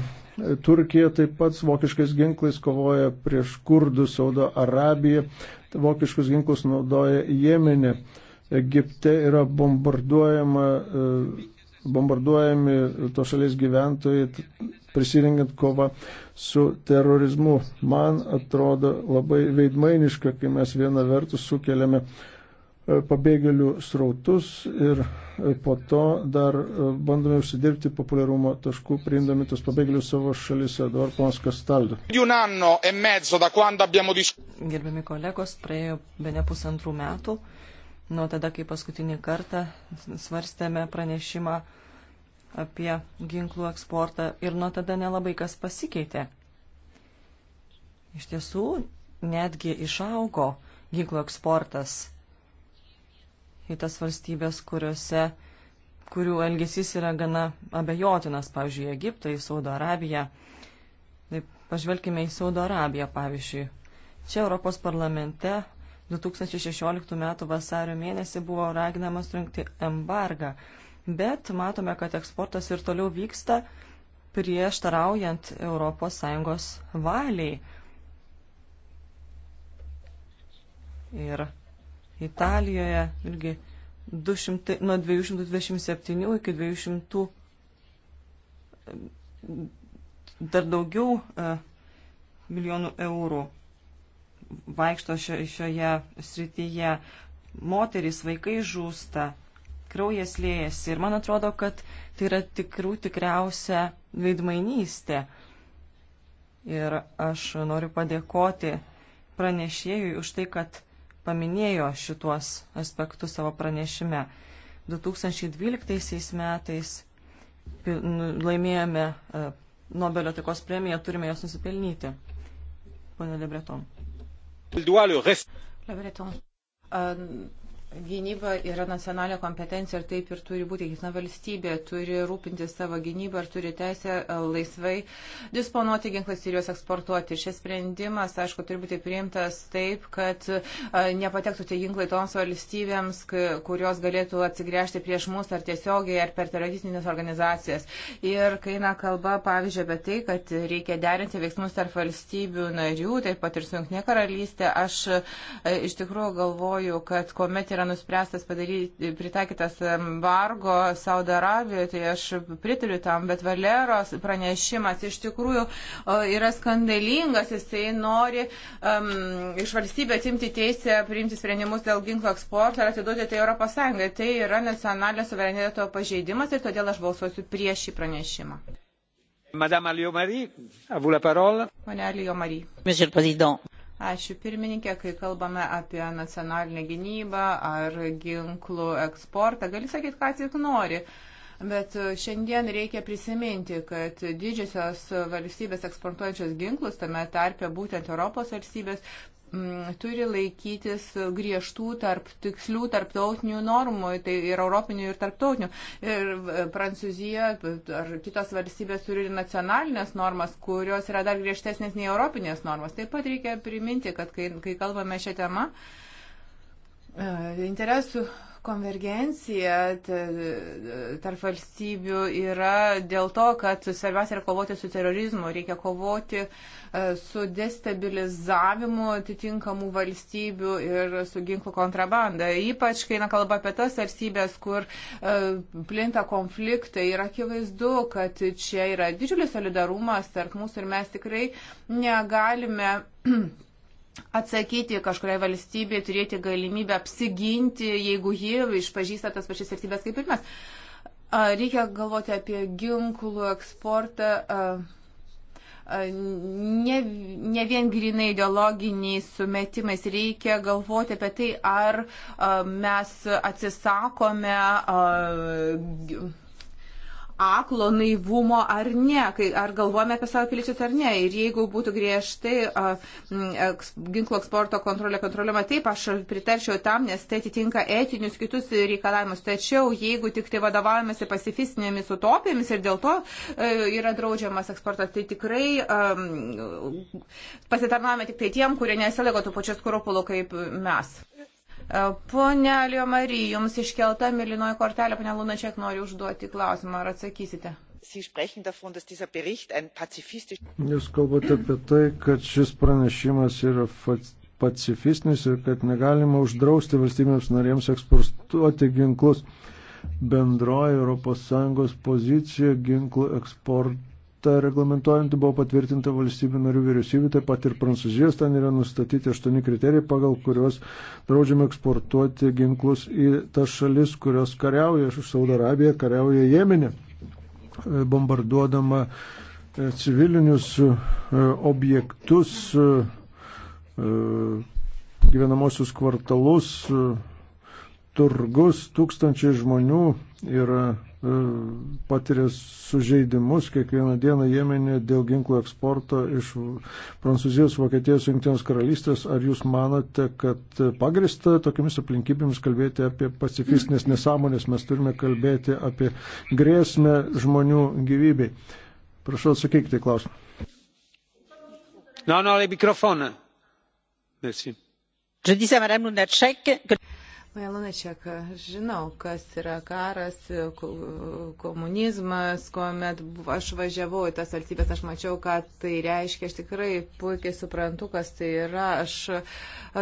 Turkija taip pat su vokiškais ginklais kovoja prieš kurdus Saudo Arabiją, vokiškus ginklus naudoja Jemenė. Egipte yra bombarduojama, e, bombarduojami to šalies gyventojai, prisirengiant kovą su terorizmu. Man atrodo labai veidmainiška, kai mes vieną vertus sukeliame uh, pabėgėlių srautus ir po to dar e, bandome užsidirbti populiarumo taškų, priimdami tos pabėgėlius savo šalise. Dabar ponas Kastaldo. E Gerbiami kolegos, praėjo be ne pusantrų metų, nuo tada, kai paskutinį kartą svarstėme pranešimą apie ginklų eksportą ir nuo tada nelabai kas pasikeitė. Iš tiesų, netgi išaugo ginklų eksportas į tas valstybės, kuriuose, kurių elgesys yra gana abejotinas, pavyzdžiui, Egiptą, į Saudo Arabiją. Taip, pažvelkime į Saudo Arabiją, pavyzdžiui. Čia Europos parlamente 2016 m. vasario mėnesį buvo raginamas rinkti embargą, bet matome, kad eksportas ir toliau vyksta prieštaraujant ES valiai. Ir Italijoje irgi 200, nuo 227 iki 200 e, dar daugiau e, milijonų eurų vaikšto šioje srityje. Moterys, vaikai žūsta, kraujas lėjasi ir man atrodo, kad tai yra tikrų tikriausia veidmainystė. Ir aš noriu padėkoti pranešėjui už tai, kad paminėjo šituos aspektus savo pranešime. 2012 metais nu, laimėjome e, Nobelio taikos premiją, turime jos nusipelnyti. Pone Lebreton. Lebreton Gynyba yra nacionalinė kompetencija ir taip ir turi būti. Kiekviena valstybė turi rūpinti savo gynybą ir turi teisę e, laisvai disponuoti ginklais ir juos eksportuoti. Šis sprendimas, aišku, turi būti priimtas taip, kad e, nepatektų tie ginklai toms valstybėms, kurios galėtų atsigręžti prieš mus ar tiesiogiai, ar per teroristinės organizacijas. Ir kai eina kalba, pavyzdžiui, apie tai, kad reikia derinti veiksmus tarp valstybių narių, taip pat ir su Junknė karalystė, aš e, iš tikrųjų galvoju, kad kuomet yra yra nuspręstas padaryti, pritaikytas embargo Saudo Arabijoje, tai aš pritariu tam, bet Valeros pranešimas iš tikrųjų yra skandalingas, jisai nori um, iš valstybės atimti teisę priimti sprendimus dėl ginklo eksporto ir atiduoti tai Europos Sąjungai. Tai yra nacionalinio suvereniteto pažeidimas ir todėl aš balsuosiu prieš šį pranešimą. Madame Alio Marie, à vous la parole. Madame Alio Marie. Monsieur le Président. Ačiū pirmininkė, kai kalbame apie nacionalinę gynybą ar ginklų eksportą, gali sakyti, ką tik nori. Uh, Bet e, šiandien reikia prisiminti, kad didžiosios valstybės eksportuojančios ginklus, tame tarpe būtent Europos valstybės, turi laikytis griežtų tarp tikslių tarptautinių normų, tai ir europinių, ir tarptautinių. Ir e, Prancūzija ar kitos valstybės turi ir nacionalinės normas, kurios yra dar griežtesnės nei europinės normas. Taip pat reikia priminti, kad kai, kai kalbame šią temą, e, interesų konvergencija tarp valstybių yra dėl to, kad svarbiausia yra kovoti su terorizmu, reikia kovoti e, su destabilizavimu atitinkamų valstybių ir su ginklų kontrabanda. Ypač, kai na, kalba apie tas valstybės, kur e, plinta konfliktai, yra akivaizdu, kad čia yra didžiulis solidarumas tarp mūsų ir mes tikrai negalime atsakyti kažkuriai valstybei, turėti galimybę apsiginti, jeigu ji išpažįsta tas pačias vertybės kaip ir mes. Reikia galvoti apie ginklų eksportą. Ne, ne vien grinai ideologiniais sumetimais reikia galvoti apie tai, ar a, mes atsisakome a, aklo naivumo ar ne, kai, ar galvojame apie savo piliečius ar ne. Ir jeigu būtų griežtai a, eks, ginklo eksporto kontrolė kontroliuojama, taip aš pritarčiau tam, nes tai atitinka etinius kitus reikalavimus. Tačiau jeigu tik tai vadovaujamasi pasifistinėmis utopijomis ir dėl to a, e, yra draudžiamas eksportas, tai tikrai a, pasitarnavome tik tai tiem, kurie nesilaiko tų pačios kuropulų kaip mes. E, Pone Alio Marija, jums iškelta milinoji kortelė, pane Lunačiak, noriu užduoti klausimą, ar atsakysite? Jūs kalbate apie tai, kad šis pranešimas yra pacifistinis ir kad negalima uždrausti valstybėms narėms eksportuoti ginklus. Bendroji ES pozicija ginklų eksportui ta reglamentuojanti buvo patvirtinta valstybių narių vyriausybių, taip pat ir Prancūzijos ten yra nustatyti aštuoni kriterijai, pagal kuriuos draudžiame eksportuoti ginklus į tas šalis, kurios kariauja, aš už Saudo Arabiją kariauja Jemenė, e, bombarduodama e, civilinius e, objektus, gyvenamosius kvartalus, turgus, tūkstančiai žmonių yra patiria sužeidimus kiekvieną dieną Jemenė dėl ginklų eksporto iš Prancūzijos, Vokietijos, Junktinės karalystės. Ar jūs manote, kad pagrista tokiamis aplinkybėmis kalbėti apie pacifistinės nesąmonės, mes turime kalbėti apie grėsmę žmonių gyvybei? Prašau atsakykite į klausimą. No, no, le microfone. Merci. Je disais à Madame Lunacek que... Pane Lunačiak, žinau, kas yra karas, komunizmas, kuomet aš važiavau į tas valstybės, aš mačiau, ką tai reiškia, aš tikrai puikiai suprantu, kas tai yra. Aš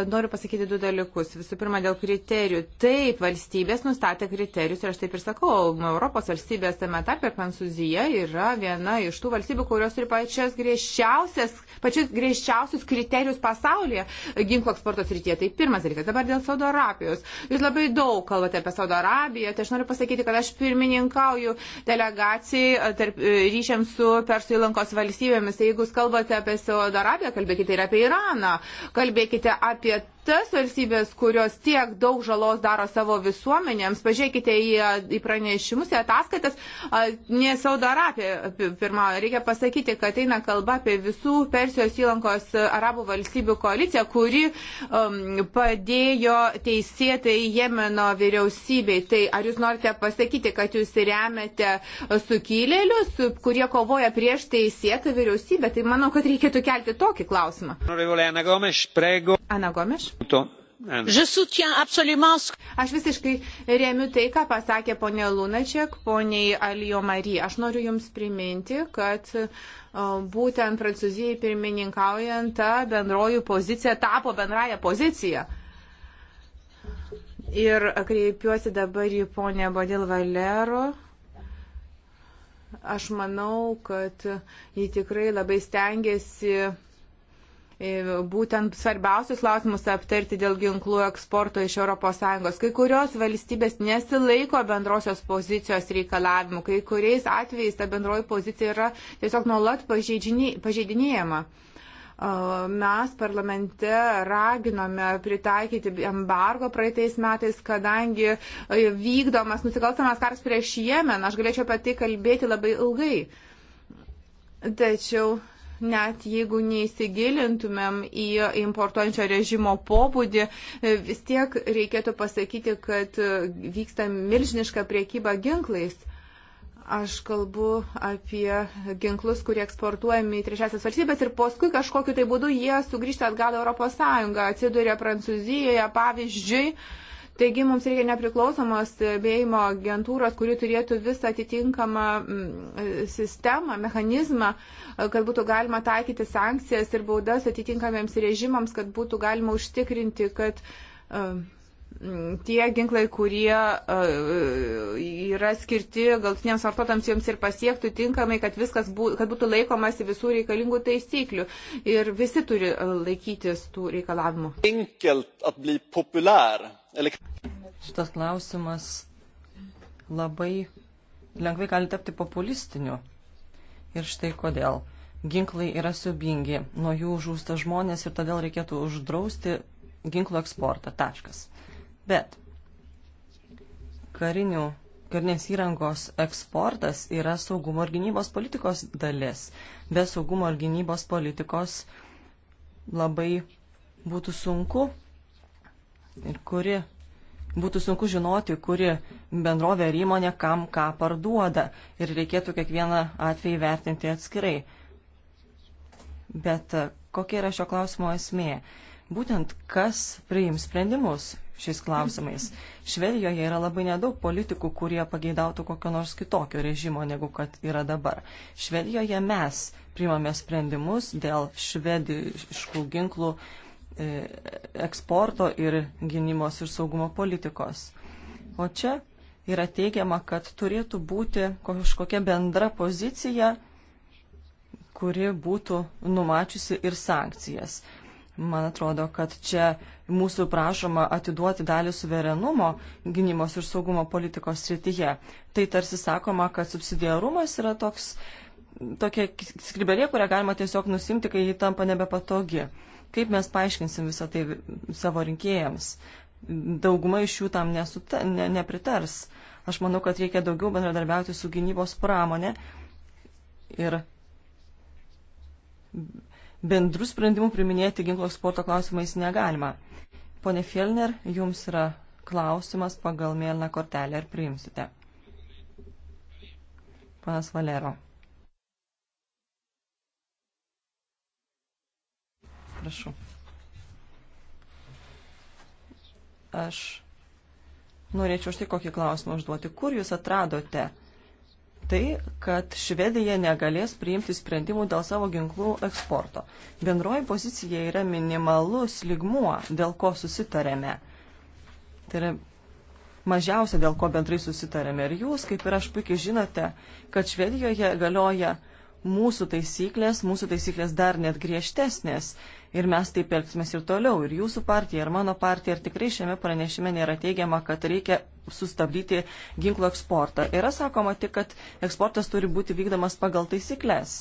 noriu pasakyti du dalykus. Visų pirma, dėl kriterijų. Taip, valstybės nustatė kriterijus ir aš taip ir sakau, Europos valstybės tame tarpe Prancūzija yra viena iš tų valstybių, kurios turi pačias griežčiausias, pačius griežčiausius kriterijus pasaulyje ginklo eksporto srityje. Tai pirmas dalykas. Dabar dėl Saudo Arabijos Jūs labai daug kalbate apie Saudo Arabiją, tai aš noriu pasakyti, kad aš pirmininkauju delegacijai e, tarp e, ryšiams su Persų įlankos valstybėmis. Tai jeigu jūs kalbate apie Saudo Arabiją, kalbėkite ir apie Iraną, kalbėkite apie tas valstybės, kurios tiek daug žalos daro savo visuomenėms, pažiūrėkite į, į pranešimus, į ataskaitas, ne Saudo Arabija pirmą, reikia pasakyti, kad eina kalba apie visų Persijos įlankos arabų valstybių koaliciją, kuri um, padėjo teisėtai Jemeno vyriausybei. Tai ar jūs norite pasakyti, kad jūs remiate sukilėlius, kurie kovoja prieš teisėtą vyriausybę? Tai manau, kad reikėtų kelti tokį klausimą. Ana Gomes. Aš visiškai remiu tai, ką pasakė ponė Lunačiak, poniai Alijo Marija. Aš noriu Jums priminti, kad e, būtent Prancūzijai pirmininkaujant ta bendroji pozicija tapo bendraja pozicija. Ir kreipiuosi dabar į ponę Bodil Valero. Aš manau, kad ji tikrai labai stengiasi E, būtent svarbiausius klausimus aptarti dėl ginklų eksporto iš ES. Kai kurios valstybės nesilaiko bendrosios pozicijos reikalavimų, kai kuriais atvejais ta bendroji pozicija yra tiesiog nuolat pažeidinėjama. E, mes parlamente raginome pritaikyti embargo praeitais metais, kadangi e, vykdomas nusikalstamas karas prieš Jemeną, aš galėčiau apie tai kalbėti labai ilgai. Tačiau net jeigu neįsigilintumėm į importuojančio režimo pobūdį, e, vis tiek reikėtų pasakyti, kad vyksta milžiniška priekyba ginklais. Aš kalbu apie ginklus, kurie eksportuojami į trečiasias valstybės ir paskui kažkokiu tai būdu jie sugrįžta atgal Europos Sąjungą, atsiduria Prancūzijoje, pavyzdžiui. Uh, Taigi mums reikia nepriklausomos bėjimo agentūros, kuri turėtų visą atitinkamą mm, sistemą, mechanizmą, kad būtų galima taikyti sankcijas ir baudas atitinkamiems režimams, kad būtų galima užtikrinti, kad tie ginklai, kurie e, yra skirti galtiniams vartotams joms ir pasiektų tinkamai, kad viskas bū, kad būtų laikomasi visų reikalingų taisyklių. Ir visi turi e, laikytis tų reikalavimų. Enkelt at bli populär Šitas klausimas labai lengvai gali tapti populistiniu. Ir štai kodėl. Ginklai yra siubingi, nuo jų žūsta žmonės ir todėl reikėtų uždrausti ginklų eksportą. Taškas. Bet karinių, karinės įrangos eksportas yra saugumo ir gynybos politikos dalis. Be saugumo ir gynybos politikos labai būtų sunku ir kuri būtų sunku žinoti, kuri bendrovė ar įmonė kam ką parduoda ir reikėtų kiekvieną atvejį vertinti atskirai. Bet e, kokia yra šio klausimo esmė? Būtent kas priims sprendimus šiais klausimais. Švedijoje yra labai nedaug politikų, kurie pageidautų kokio nors kitokio režimo, negu kad yra dabar. Švedijoje mes priimame sprendimus dėl švediškų ginklų E, eksporto ir gynimos ir saugumo politikos. O čia yra teigiama, kad turėtų būti kažkokia bendra pozicija, kuri būtų numačiusi ir sankcijas. Man atrodo, kad čia mūsų prašoma atiduoti dalį suverenumo gynimos ir saugumo politikos srityje. Tai tarsi sakoma, kad subsidiarumas yra toks, tokia skribelė, kurią galima tiesiog nusimti, kai ji tampa nebepatogi. Kaip mes paaiškinsim visą tai savo rinkėjams? Dauguma iš jų tam nesuta, ne, nepritars. Aš manau, kad reikia daugiau bendradarbiauti su gynybos pramonė ir bendrų sprendimų priminėti ginklo eksporto klausimais negalima. Pone Fielner, jums yra klausimas pagal mėlyną kortelę ir priimsite. Panas Valero. Prašau. Aš norėčiau štai kokį klausimą užduoti. Kur jūs atradote tai, kad Švedija negalės priimti sprendimų dėl savo ginklų eksporto? Bendroji pozicija yra minimalus ligmuo, dėl ko susitarėme. Tai yra mažiausia, dėl ko bendrai susitarėme. Ir jūs, kaip ir aš puikiai žinote, kad Švedijoje galioja mūsų taisyklės, mūsų taisyklės dar net griežtesnės ir mes taip elgsimės ir toliau. Ir jūsų partija, ir mano partija, ir tikrai šiame pranešime nėra teigiama, kad reikia sustabdyti ginklų eksportą. Yra sakoma tik, kad eksportas turi būti vykdomas pagal taisyklės.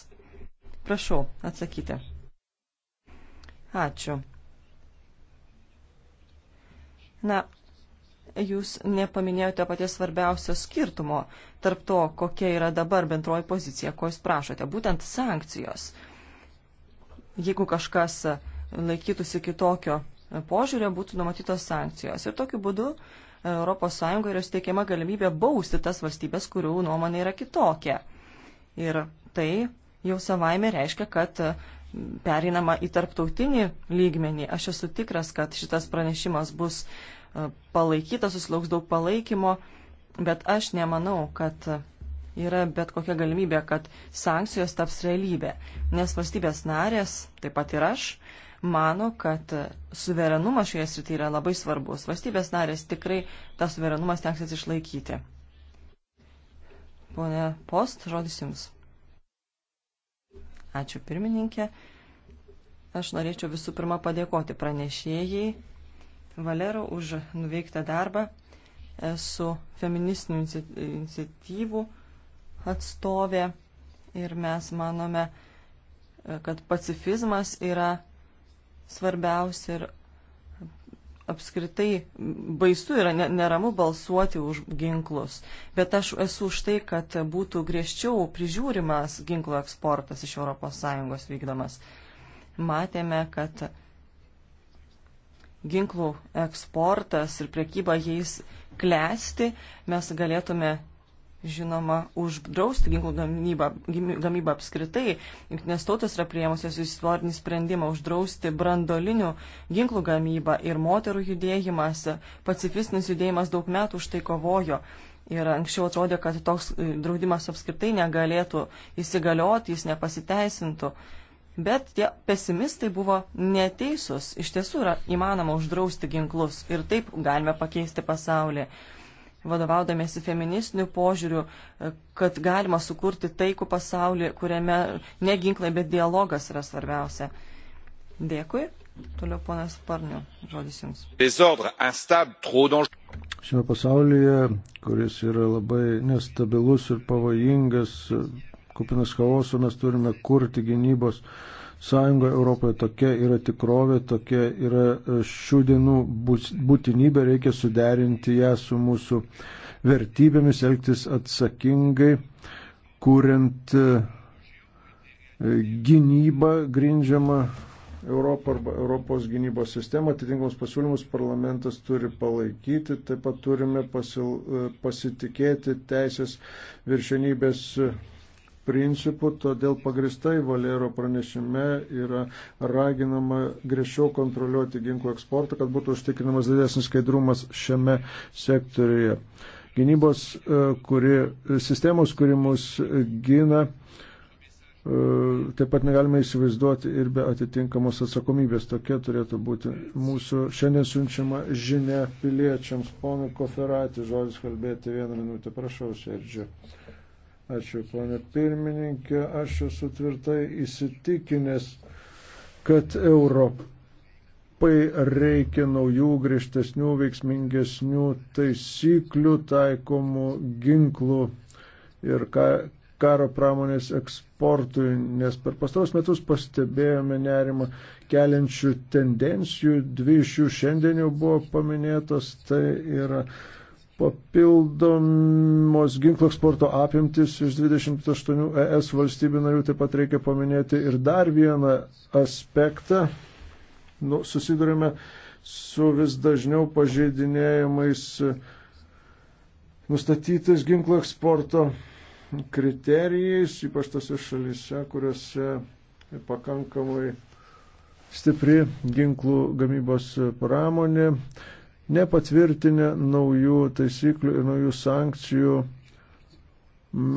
Prašau atsakyti. Ačiū. Na, jūs nepaminėjote paties svarbiausio skirtumo tarp to, kokia yra dabar bendroji pozicija, ko jūs prašote, būtent sankcijos jeigu kažkas laikytųsi kitokio požiūrio, būtų numatytos sankcijos. Ir tokiu būdu ES yra suteikiama galimybė bausti tas valstybės, kurių nuomonė yra kitokia. Ir tai jau savaime reiškia, kad perinama į tarptautinį lygmenį. Aš esu tikras, kad šitas pranešimas bus e, palaikytas, susilauks daug palaikymo, bet aš nemanau, kad yra bet kokia galimybė, kad sankcijos taps realybė, nes valstybės narės, taip pat ir aš, mano, kad suverenumas šioje srityje yra labai svarbus. Valstybės narės tikrai tą suverenumą stengsis išlaikyti. Pone Post, žodis Jums. Ačiū pirmininkė. Aš norėčiau visų pirma padėkoti pranešėjai Valero už nuveiktą darbą. Esu feministinių iniciatyvų atstovė ir mes manome, kad pacifizmas yra svarbiausia ir apskritai baisu yra neramu balsuoti už ginklus, bet aš esu už tai, kad būtų griežčiau prižiūrimas ginklo eksportas iš ES vykdomas. Matėme, kad ginklų eksportas ir priekyba jais klesti, mes galėtume žinoma, uždrausti ginklų gamybą, gamybą apskritai. Junktinės tautos yra prieimusios istorinį sprendimą uždrausti brandolinių ginklų gamybą ir moterų judėjimas, pacifistinis judėjimas daug metų už tai kovojo. Ir anksčiau atrodė, kad toks e, draudimas apskritai negalėtų įsigalioti, jis nepasiteisintų. Bet tie pesimistai buvo neteisūs. Iš tiesų yra įmanoma uždrausti ginklus ir taip galime pakeisti pasaulį vadovaudomėsi feministiniu požiūriu, e, kad galima sukurti taikų pasaulį, kuriame ne ginklai, bet dialogas yra svarbiausia. Dėkui. Toliau ponas Parniu, žodis jums. Šiame pasaulyje, kuris yra labai nestabilus ir pavojingas, kupinas chaoso, mes turime kurti gynybos sąjunga Europoje, tokia yra tikrovė, tokia yra e, šių dienų būtinybė, reikia suderinti ją su mūsų vertybėmis, elgtis atsakingai, kuriant e, gynybą grindžiamą Europą arba Europos gynybos sistemą. Atitinkamus pasiūlymus parlamentas turi palaikyti, taip pat turime pasil, e, pasitikėti teisės viršenybės principų, todėl pagristai Valero pranešime yra raginama griežčiau kontroliuoti ginklų eksportą, kad būtų užtikrinamas didesnis skaidrumas šiame sektoriuje. Gynybos e, kuri, sistemos, kuri mus gina, e, taip pat negalime įsivaizduoti ir be atitinkamos atsakomybės. Tokia turėtų būti mūsų šiandien siunčiama žinia piliečiams. Ponui Koferatį žodis kalbėti vieną minutę. Prašau, Serdžiu. Ačiū, ponė pirmininkė. Aš esu tvirtai įsitikinęs, kad Europai reikia naujų, griežtesnių, veiksmingesnių taisyklių taikomų ginklų ir karo pramonės eksportui, nes per pastaros metus pastebėjome nerimą keliančių tendencijų, dvi iš jų šiandien jau buvo paminėtos, tai yra Papildomos ginklo eksporto apimtis iš 28 ES valstybių narių taip pat reikia paminėti ir dar vieną aspektą. Nu, susidurime su vis dažniau pažeidinėjimais nustatytais ginklo eksporto kriterijais, ypač tose šalise, kuriuose pakankamai stipri ginklų gamybos pramonė nepatvirtinę naujų taisyklių ir naujų sankcijų,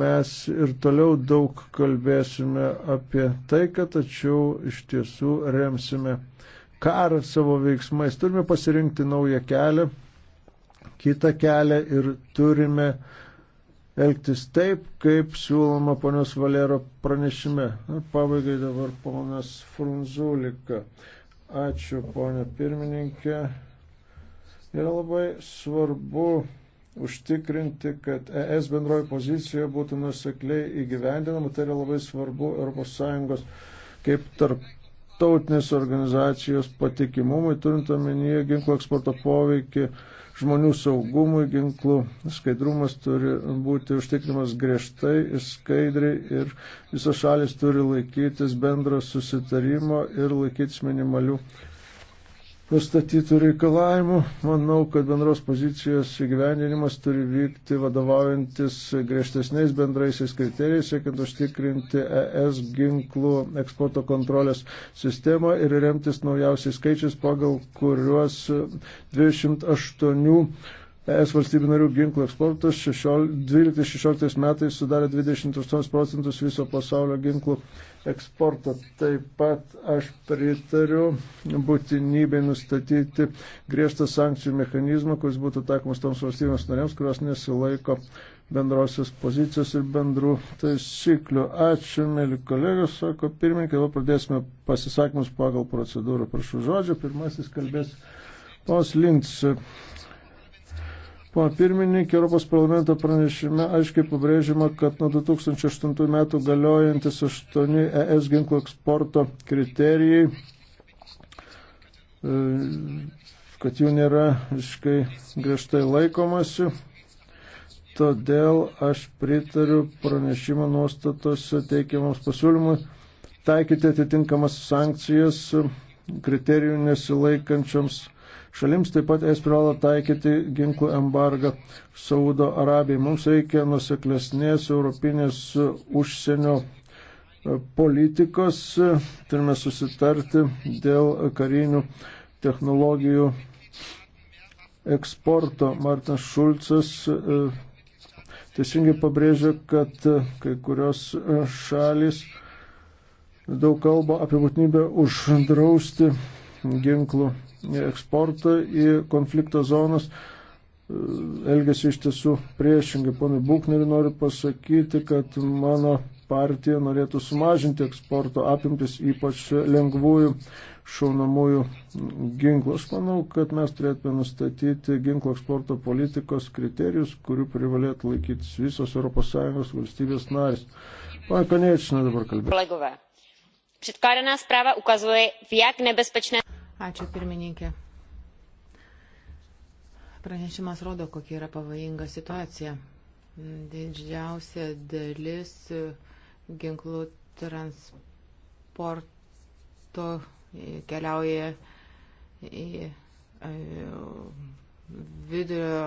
mes ir toliau daug kalbėsime apie taiką, tačiau iš tiesų remsime karą savo veiksmais. Turime pasirinkti naują kelią, kitą kelią ir turime elgtis taip, kaip siūloma ponios Valero pranešime. Ir pabaigai dabar ponas Frunzulika. Ačiū, ponė pirmininkė. Yra labai svarbu užtikrinti, kad ES bendroji pozicija būtų nusekliai įgyvendinama. Tai yra labai svarbu ES kaip tarptautinės organizacijos patikimumui, turint omenyje ginklo eksporto poveikį žmonių saugumui, ginklų skaidrumas turi būti užtikrimas griežtai ir skaidriai ir visos šalis turi laikytis bendro susitarimo ir laikytis minimalių nustatytų reikalavimų. Manau, kad bendros pozicijos įgyvendinimas turi vykti vadovaujantis griežtesniais bendraisiais kriterijais, siekiant užtikrinti ES ginklų eksporto kontrolės sistemą ir remtis naujausiais skaičiais, pagal kuriuos 208 ES valstybių narių ginklų eksportas 12-16 metais sudarė 28 procentus viso pasaulio ginklų eksportą. Taip pat aš pritariu būtinybė nustatyti griežtą sankcijų mechanizmą, kuris būtų taikomas toms valstybėms narėms, kurios nesilaiko bendrosios pozicijos ir bendrų taisyklių. Ačiū, mėly kolegos, sako pirmininkai, o pradėsime pasisakymus pagal procedūrą. Prašau žodžio, pirmasis kalbės pos links. Pana pirmininkė, Europos parlamento pranešime aiškiai pabrėžima, kad nuo 2008 metų galiojantis 8 ES ginklų eksporto kriterijai, e, kad jų nėra visiškai griežtai laikomasi. Todėl aš pritariu pranešimo nuostatose teikiamams pasiūlymui taikyti atitinkamas sankcijas kriterijų nesilaikančioms šalims, taip pat es privalo taikyti ginklų embargą Saudo Arabijai. Mums reikia nuseklesnės europinės užsienio politikos, turime susitarti dėl karinių technologijų eksporto. Martinas Šulcas e, teisingai pabrėžia, kad kai kurios šalis daug kalba apie būtinybę uždrausti ginklų eksportą į konflikto zonas elgesi iš tiesų priešingai. Pone Bukneri noriu pasakyti, kad mano partija norėtų sumažinti eksporto apimtis, ypač lengvųjų šaunamųjų ginklų. Aš manau, kad mes turėtume nustatyti ginklo eksporto politikos kriterijus, kurių privalėtų laikytis visos ES valstybės narės. Pane Konečina dabar kalbėjo. Předkládaná zpráva ukazuje, v jak nebezpečné. Ačiū pirmininkė. Pranešimas rodo, kokia yra pavojinga situacija. Didžiausia dalis ginklų transporto keliauja į e, vidurio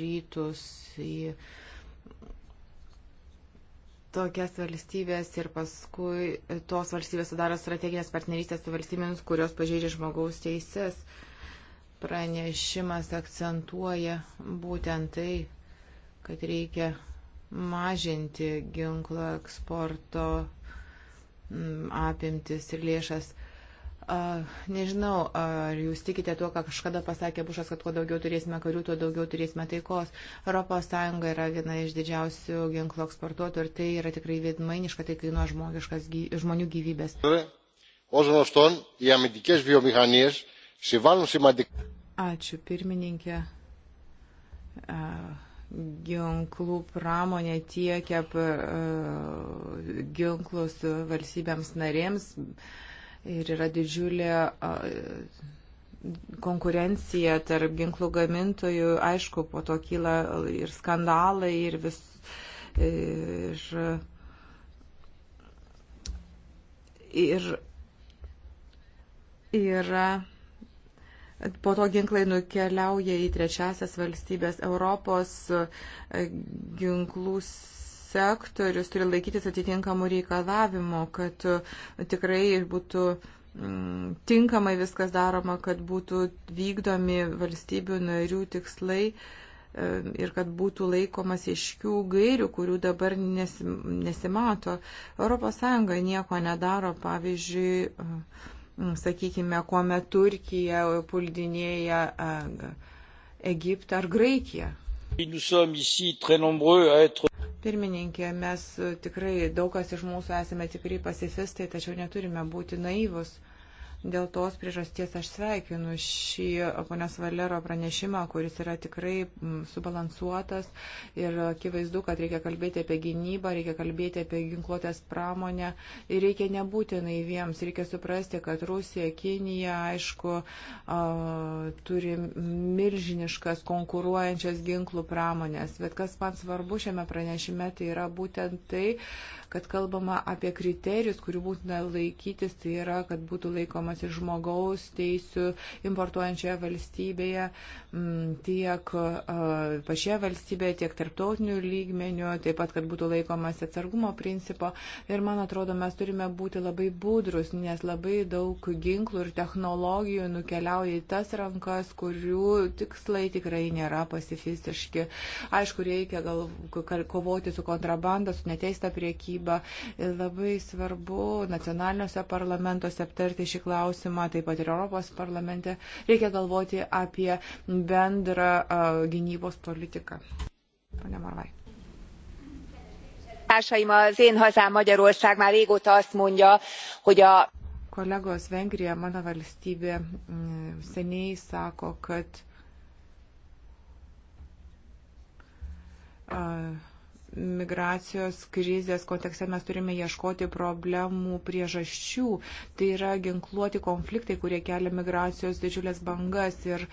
rytus, į tokias valstybės ir paskui tos valstybės sudaro strateginės partnerystės su valstybėmis, kurios pažeidžia žmogaus teises. Pranešimas akcentuoja būtent tai, kad reikia mažinti ginklo eksporto apimtis ir lėšas. Nežinau, ar jūs tikite tuo, ką kažkada pasakė Bušas, kad kuo daugiau turėsime karių, tuo daugiau turėsime taikos. ES yra viena iš didžiausių ginklo eksportuotojų ir tai yra tikrai vidmainiška, tai kainuoja žmogiškas žmonių gyvybės. Ačiū, pirmininkė. Uh ginklų pramonė tiekia ginklus valstybėms narėms. Uh, ir yra didžiulė konkurencija tarp ginklų gamintojų. Aišku, po to kyla ir skandalai, ir vis. Ir, ir, yra Po to ginklai nukeliauja į trečiasias valstybės. Europos ginklus sektorius turi laikytis atitinkamų reikalavimų, kad uh, tikrai būtų mm, tinkamai viskas daroma, kad būtų vykdomi valstybių narių tikslai uh, ir kad būtų laikomas iškių gairių, kurių dabar nesimato. ES nieko nedaro, pavyzdžiui, uh, sakykime, kuomet Turkija puldinėja Egiptą ar Graikiją. Nous sommes ici très nombreux à être Pirmininkė, mes tikrai daug kas iš mūsų esame tikrai pasifistai, tačiau neturime būti naivus. Dėl tos priežasties aš sveikinu šį ponios Valero pranešimą, kuris yra tikrai subalansuotas ir akivaizdu, kad reikia kalbėti apie gynybą, reikia kalbėti apie ginkluotės pramonę ir reikia nebūti naiviems, reikia suprasti, kad Rusija, Kinija, aišku, turi milžiniškas konkuruojančias ginklų pramonės, bet kas man svarbu šiame pranešime, tai yra būtent tai, kad kalbama apie kriterijus, kurių būtina laikytis, tai yra, kad būtų laikomas ir žmogaus teisų importuojančioje valstybėje, mm, tiek pačioje valstybėje, tiek tarptautinių lygmenių, taip pat, kad būtų laikomas atsargumo principo. Ir man atrodo, mes turime būti labai budrus, nes labai daug ginklų ir technologijų nukeliauja į tas rankas, kurių tikslai tikrai nėra pasifistiški. Aišku, reikia gal kovoti su kontrabanda, su neteista priekyba darbą. Ir labai svarbu nacionaliniuose parlamentuose aptarti šį klausimą, taip pat ir Europos parlamente. Reikia galvoti apie bendrą uh, gynybos politiką. Pane Marvai. Társaim, az én hazám Magyarország már régóta azt mondja, hogy a... Kolegos Vengrija, mano valstybė, mm, seniai sako, kad uh, migracijos krizės kontekste mes turime ieškoti problemų priežasčių. Tai yra ginkluoti konfliktai, kurie kelia migracijos didžiulės bangas. Ir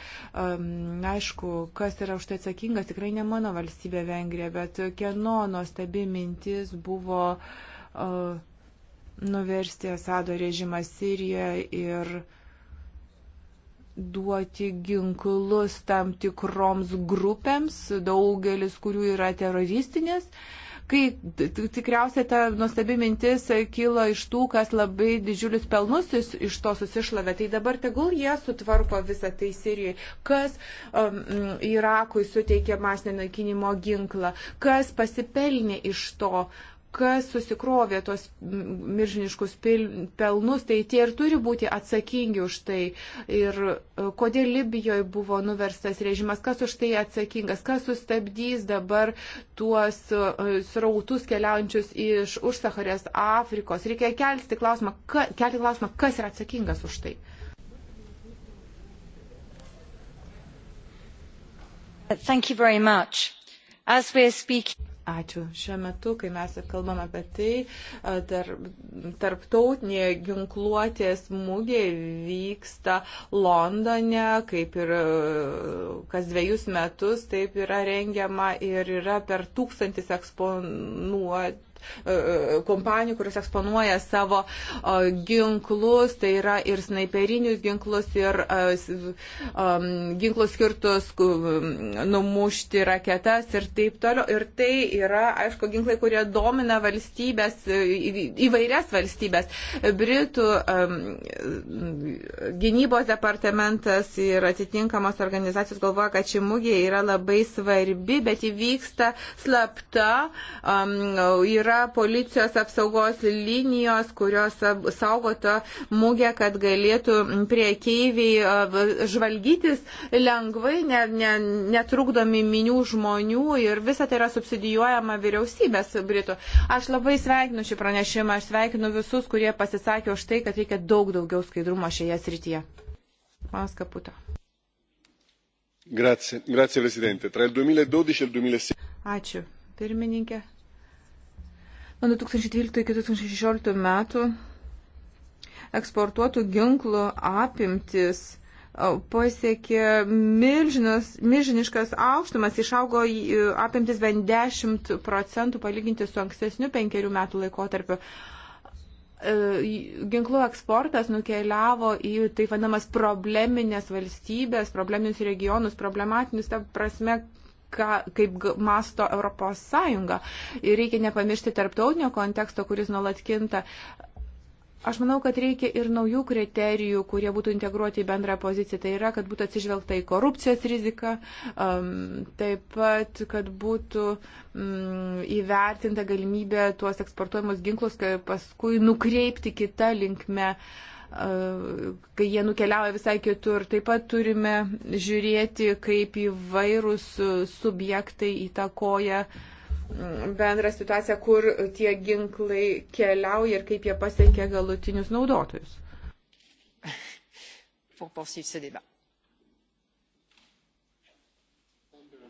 um, aišku, kas yra už tai atsakingas, tikrai ne mano valstybė Vengrija, bet kieno nuostabi mintis buvo uh, nuversti Asado režimą Sirijoje ir uh, duoti ginklus tam tikroms grupėms, daugelis kurių yra teroristinės. Kai tikriausiai ta nuostabi mintis kilo iš tų, kas labai didžiulius pelnus iš to susišlavė, tai dabar tegul jie sutvarko visą tai Sirijai, kas um, Irakui suteikė masinio naikinimo ginklą, kas pasipelnė iš to. Uh, kas susikrovė tuos miržiniškus pelnus, tai tie ir turi būti atsakingi už tai. Ir e, kodėl Libijoje buvo nuverstas režimas, kas už tai atsakingas, kas sustabdys dabar tuos e, srautus keliaujančius iš užsaharės Afrikos. Reikia kelti klausimą, ka, kelti klausimą, kas yra atsakingas už tai. Thank you very much. As we're speaking. Ačiū. Šiuo metu, kai mes kalbam apie tai, tar, tarptautinė ginkluotės mūgė vyksta Londone, kaip ir kas dviejus metus, taip yra rengiama ir yra per tūkstantis eksponuoti E, e, kompanijų, kuris eksponuoja savo e, ginklus, tai yra ir snaiperinius ginklus, ir ginklus skirtus numušti raketas ir taip toliau. Ir tai yra, aišku, ginklai, kurie domina valstybės, įvairias valstybės. Britų gynybos departamentas ir atitinkamas organizacijos galvoja, kad ši mugė yra labai svarbi, bet įvyksta slapta, um, yra yra policijos apsaugos linijos, kurios saugoto mūgę, kad galėtų priekeiviai žvalgytis lengvai, ne, ne, netrukdomi minių žmonių ir visa tai yra subsidijuojama vyriausybės Britų. Aš labai sveikinu šį pranešimą, aš sveikinu visus, kurie pasisakė už tai, kad reikia daug daugiau skaidrumo šioje srityje. Panas Kaputo signor presidente onorevoli colleghi tra il duemiladodici e il duemilasedici Nuo 2012-2016 metų eksportuotų ginklų apimtis pasiekė milžinas, milžiniškas aukštumas, išaugo apimtis bent 10 procentų palyginti su ankstesniu penkerių metų laikotarpiu. E, ginklų eksportas nukeliavo į taip vadinamas probleminės valstybės, probleminius regionus, problematinius, ta prasme, ką, kaip masto Europos Sąjunga. Ir reikia nepamiršti tarptautinio konteksto, kuris nuolat kinta. Aš manau, kad reikia ir naujų kriterijų, kurie būtų integruoti į bendrą poziciją. Tai yra, kad būtų atsižvelgta į korupcijos riziką, um, taip pat, kad būtų um, įvertinta galimybė tuos eksportuojamus ginklus paskui nukreipti kitą linkmę. Uh, kai jie nukeliauja visai kitur. Taip pat turime žiūrėti, kaip įvairūs subjektai įtakoja bendrą situaciją, kur tie ginklai keliauja ir kaip jie pasiekia galutinius naudotojus. Pour poursuivre ce débat.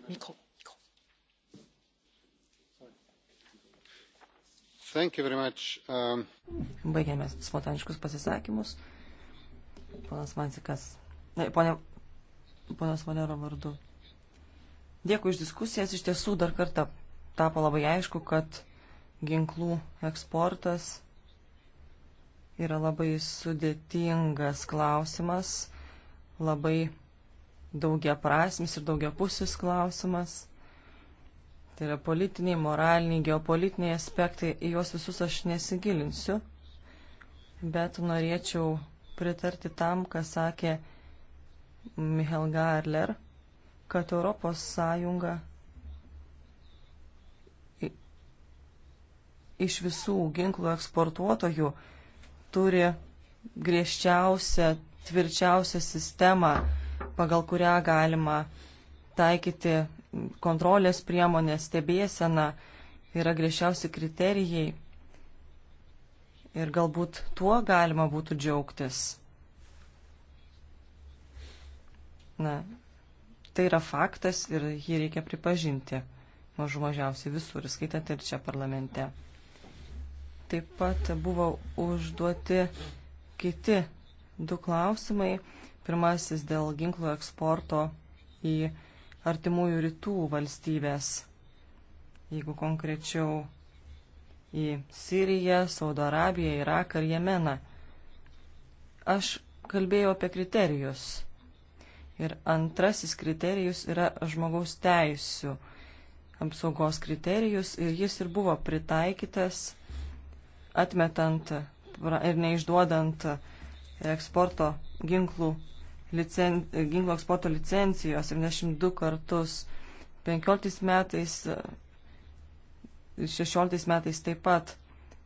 Micro. Um... Baigėme spontaniškus pasisakymus. Ponas Mansikas. Ne, ponė, ponas Valero vardu. Dėkui už diskusijas. Iš tiesų dar kartą tapo labai aišku, kad ginklų eksportas yra labai sudėtingas klausimas, labai daugia prasmis ir daugia pusis klausimas. Tai yra politiniai, moraliniai, geopolitiniai aspektai, į juos visus aš nesigilinsiu, bet norėčiau pritarti tam, ką sakė Michael Garler, kad Europos Sąjunga iš visų ginklų eksportuotojų turi griežčiausią, tvirčiausią sistemą, pagal kurią galima taikyti kontrolės priemonės, stebėsena yra griežčiausi kriterijai. Ir galbūt tuo galima būtų džiaugtis. Na, tai yra faktas ir jį reikia pripažinti mažų mažiausiai visur, skaitant ir čia parlamente. Taip pat buvo užduoti kiti du klausimai. Pirmasis dėl ginklų eksporto į artimųjų rytų valstybės, jeigu konkrečiau į Siriją, Saudo Arabiją, Iraką ir Jemeną. Aš kalbėjau apie kriterijus. Ir antrasis kriterijus yra žmogaus teisų apsaugos kriterijus ir jis ir buvo pritaikytas atmetant ir neišduodant eksporto ginklų licen, ginklo eksporto licencijos 72 kartus, 15 metais, 16 metais taip pat.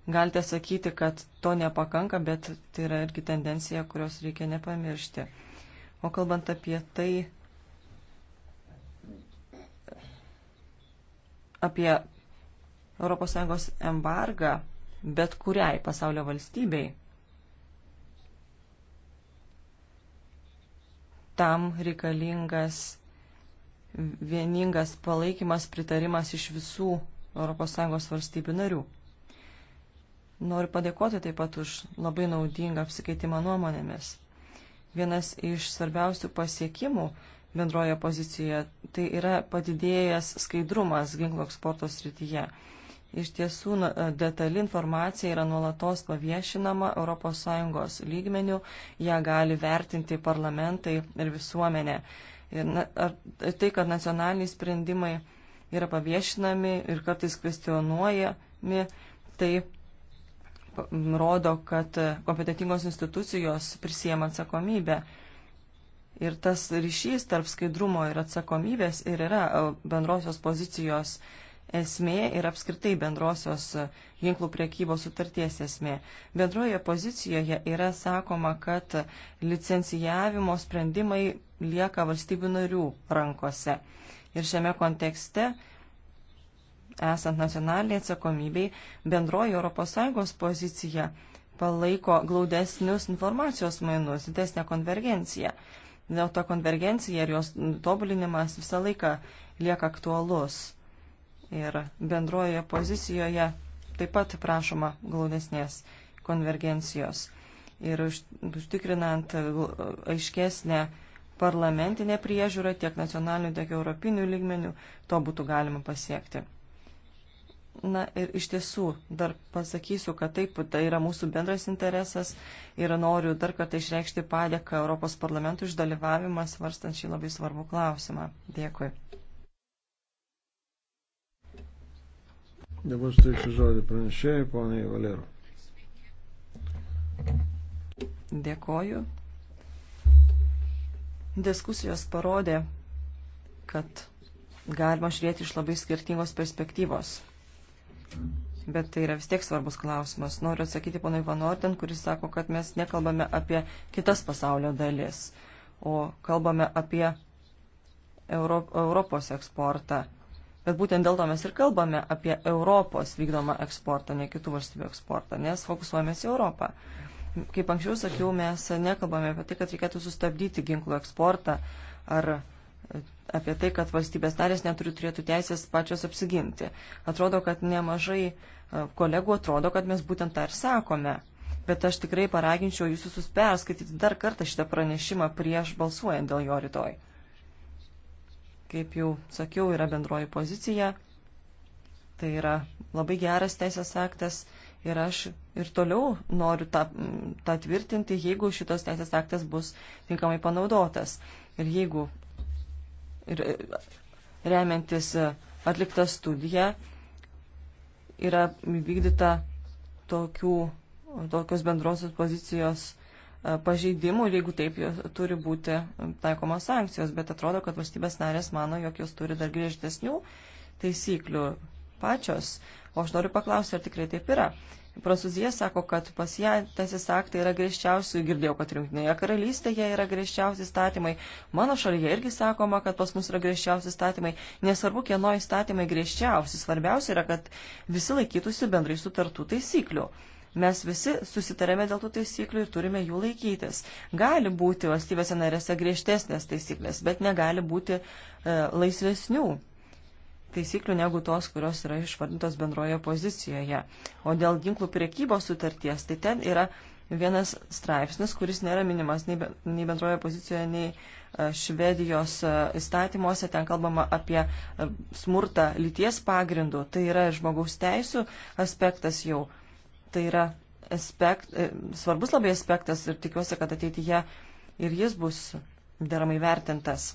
Galite sakyti, kad to nepakanka, bet tai yra irgi tendencija, kurios reikia nepamiršti. O kalbant apie tai, apie ES embargą bet kuriai pasaulio valstybei, tam reikalingas vieningas palaikymas, pritarimas iš visų ES valstybių narių. Noriu padėkoti taip pat už labai naudingą apsikeitimą nuomonėmis. Vienas iš svarbiausių pasiekimų bendroje pozicijoje tai yra padidėjęs skaidrumas ginklų eksporto srityje. Iš tiesų, detali informacija yra nuolatos paviešinama ES lygmenių, ją gali vertinti parlamentai ir visuomenė. Ir na, ar, tai, kad nacionaliniai sprendimai yra paviešinami ir kartais kvestionuojami, tai rodo, kad kompetitingos institucijos prisiema atsakomybę. Ir tas ryšys tarp skaidrumo ir atsakomybės ir yra e, bendrosios pozicijos uh, esmė ir apskritai bendrosios ginklų priekybos sutarties esmė. Bendroje pozicijoje yra sakoma, kad licencijavimo sprendimai lieka valstybių narių rankose. Ir šiame kontekste, esant nacionaliniai atsakomybei, bendroji ES pozicija palaiko glaudesnius informacijos mainus, didesnę konvergenciją. Dėl to konvergencija ir jos tobulinimas visą laiką lieka aktualus ir bendroje pozicijoje taip pat prašoma glaudesnės konvergencijos ir užtikrinant aiškesnę parlamentinę priežiūrą tiek nacionalinių, tiek europinių lygmenių, to būtų galima pasiekti. Na ir iš tiesų dar pasakysiu, kad taip, tai yra mūsų bendras interesas ir noriu dar kartą išreikšti padėką Europos parlamentui išdalyvavimą svarstant šį labai svarbų klausimą. Dėkui. Dabar suteiksiu žodį pranešėjai, poniai Valero. Dėkoju. Diskusijos parodė, kad galima žiūrėti iš labai skirtingos perspektyvos. Bet tai yra vis tiek svarbus klausimas. Noriu atsakyti ponui Van Orden, kuris sako, kad mes nekalbame apie kitas pasaulio dalis, o kalbame apie Europos eksportą Bet būtent dėl to mes ir kalbame apie Europos vykdomą eksportą, ne kitų valstybių eksportą, nes fokusuojamės į Europą. Kaip anksčiau sakiau, mes nekalbame apie tai, kad reikėtų sustabdyti ginklų eksportą ar apie tai, kad valstybės narės neturi turėtų teisės pačios apsiginti. Atrodo, kad nemažai e, kolegų atrodo, kad mes būtent tą ir sakome. Bet aš tikrai paraginčiau jūsų perskaityti dar kartą šitą pranešimą prieš balsuojant dėl jo rytoj kaip jau sakiau, yra bendroji pozicija. Tai yra labai geras teisės aktas ir aš ir toliau noriu tą, tą tvirtinti, jeigu šitas teisės aktas bus tinkamai panaudotas. Ir jeigu ir, remiantis atliktą studiją yra vykdyta tokių, tokios bendrosios pozicijos pažeidimų ir jeigu taip, turi būti um, taikomos sankcijos, bet atrodo, kad valstybės narės mano, jog jos turi dar griežtesnių taisyklių pačios. O aš noriu paklausti, ar tikrai taip yra. Prancūzija sako, kad pas ją teisės aktai yra griežčiausi, girdėjau, kad rinktinėje karalystėje yra griežčiausi statymai, mano šalyje irgi sakoma, kad pas mus yra griežčiausi statymai, nesvarbu, kieno įstatymai griežčiausi, svarbiausia yra, kad visi laikytųsi bendrai sutartų taisyklių. Mes visi susitarėme dėl tų taisyklių ir turime jų laikytis. Gali būti valstybėse narėse griežtesnės taisyklės, bet negali būti e, laisvesnių taisyklių negu tos, kurios yra išvardintos bendroje pozicijoje. O dėl ginklų priekybos sutarties, tai ten yra vienas straipsnis, kuris nėra minimas nei, nei bendroje pozicijoje, nei e, Švedijos e, įstatymuose. Ten kalbama apie e, smurtą lyties pagrindų. Tai yra žmogaus teisų aspektas jau tai yra aspekt, e, svarbus labai aspektas ir tikiuosi, kad ateityje ir jis bus deramai vertintas.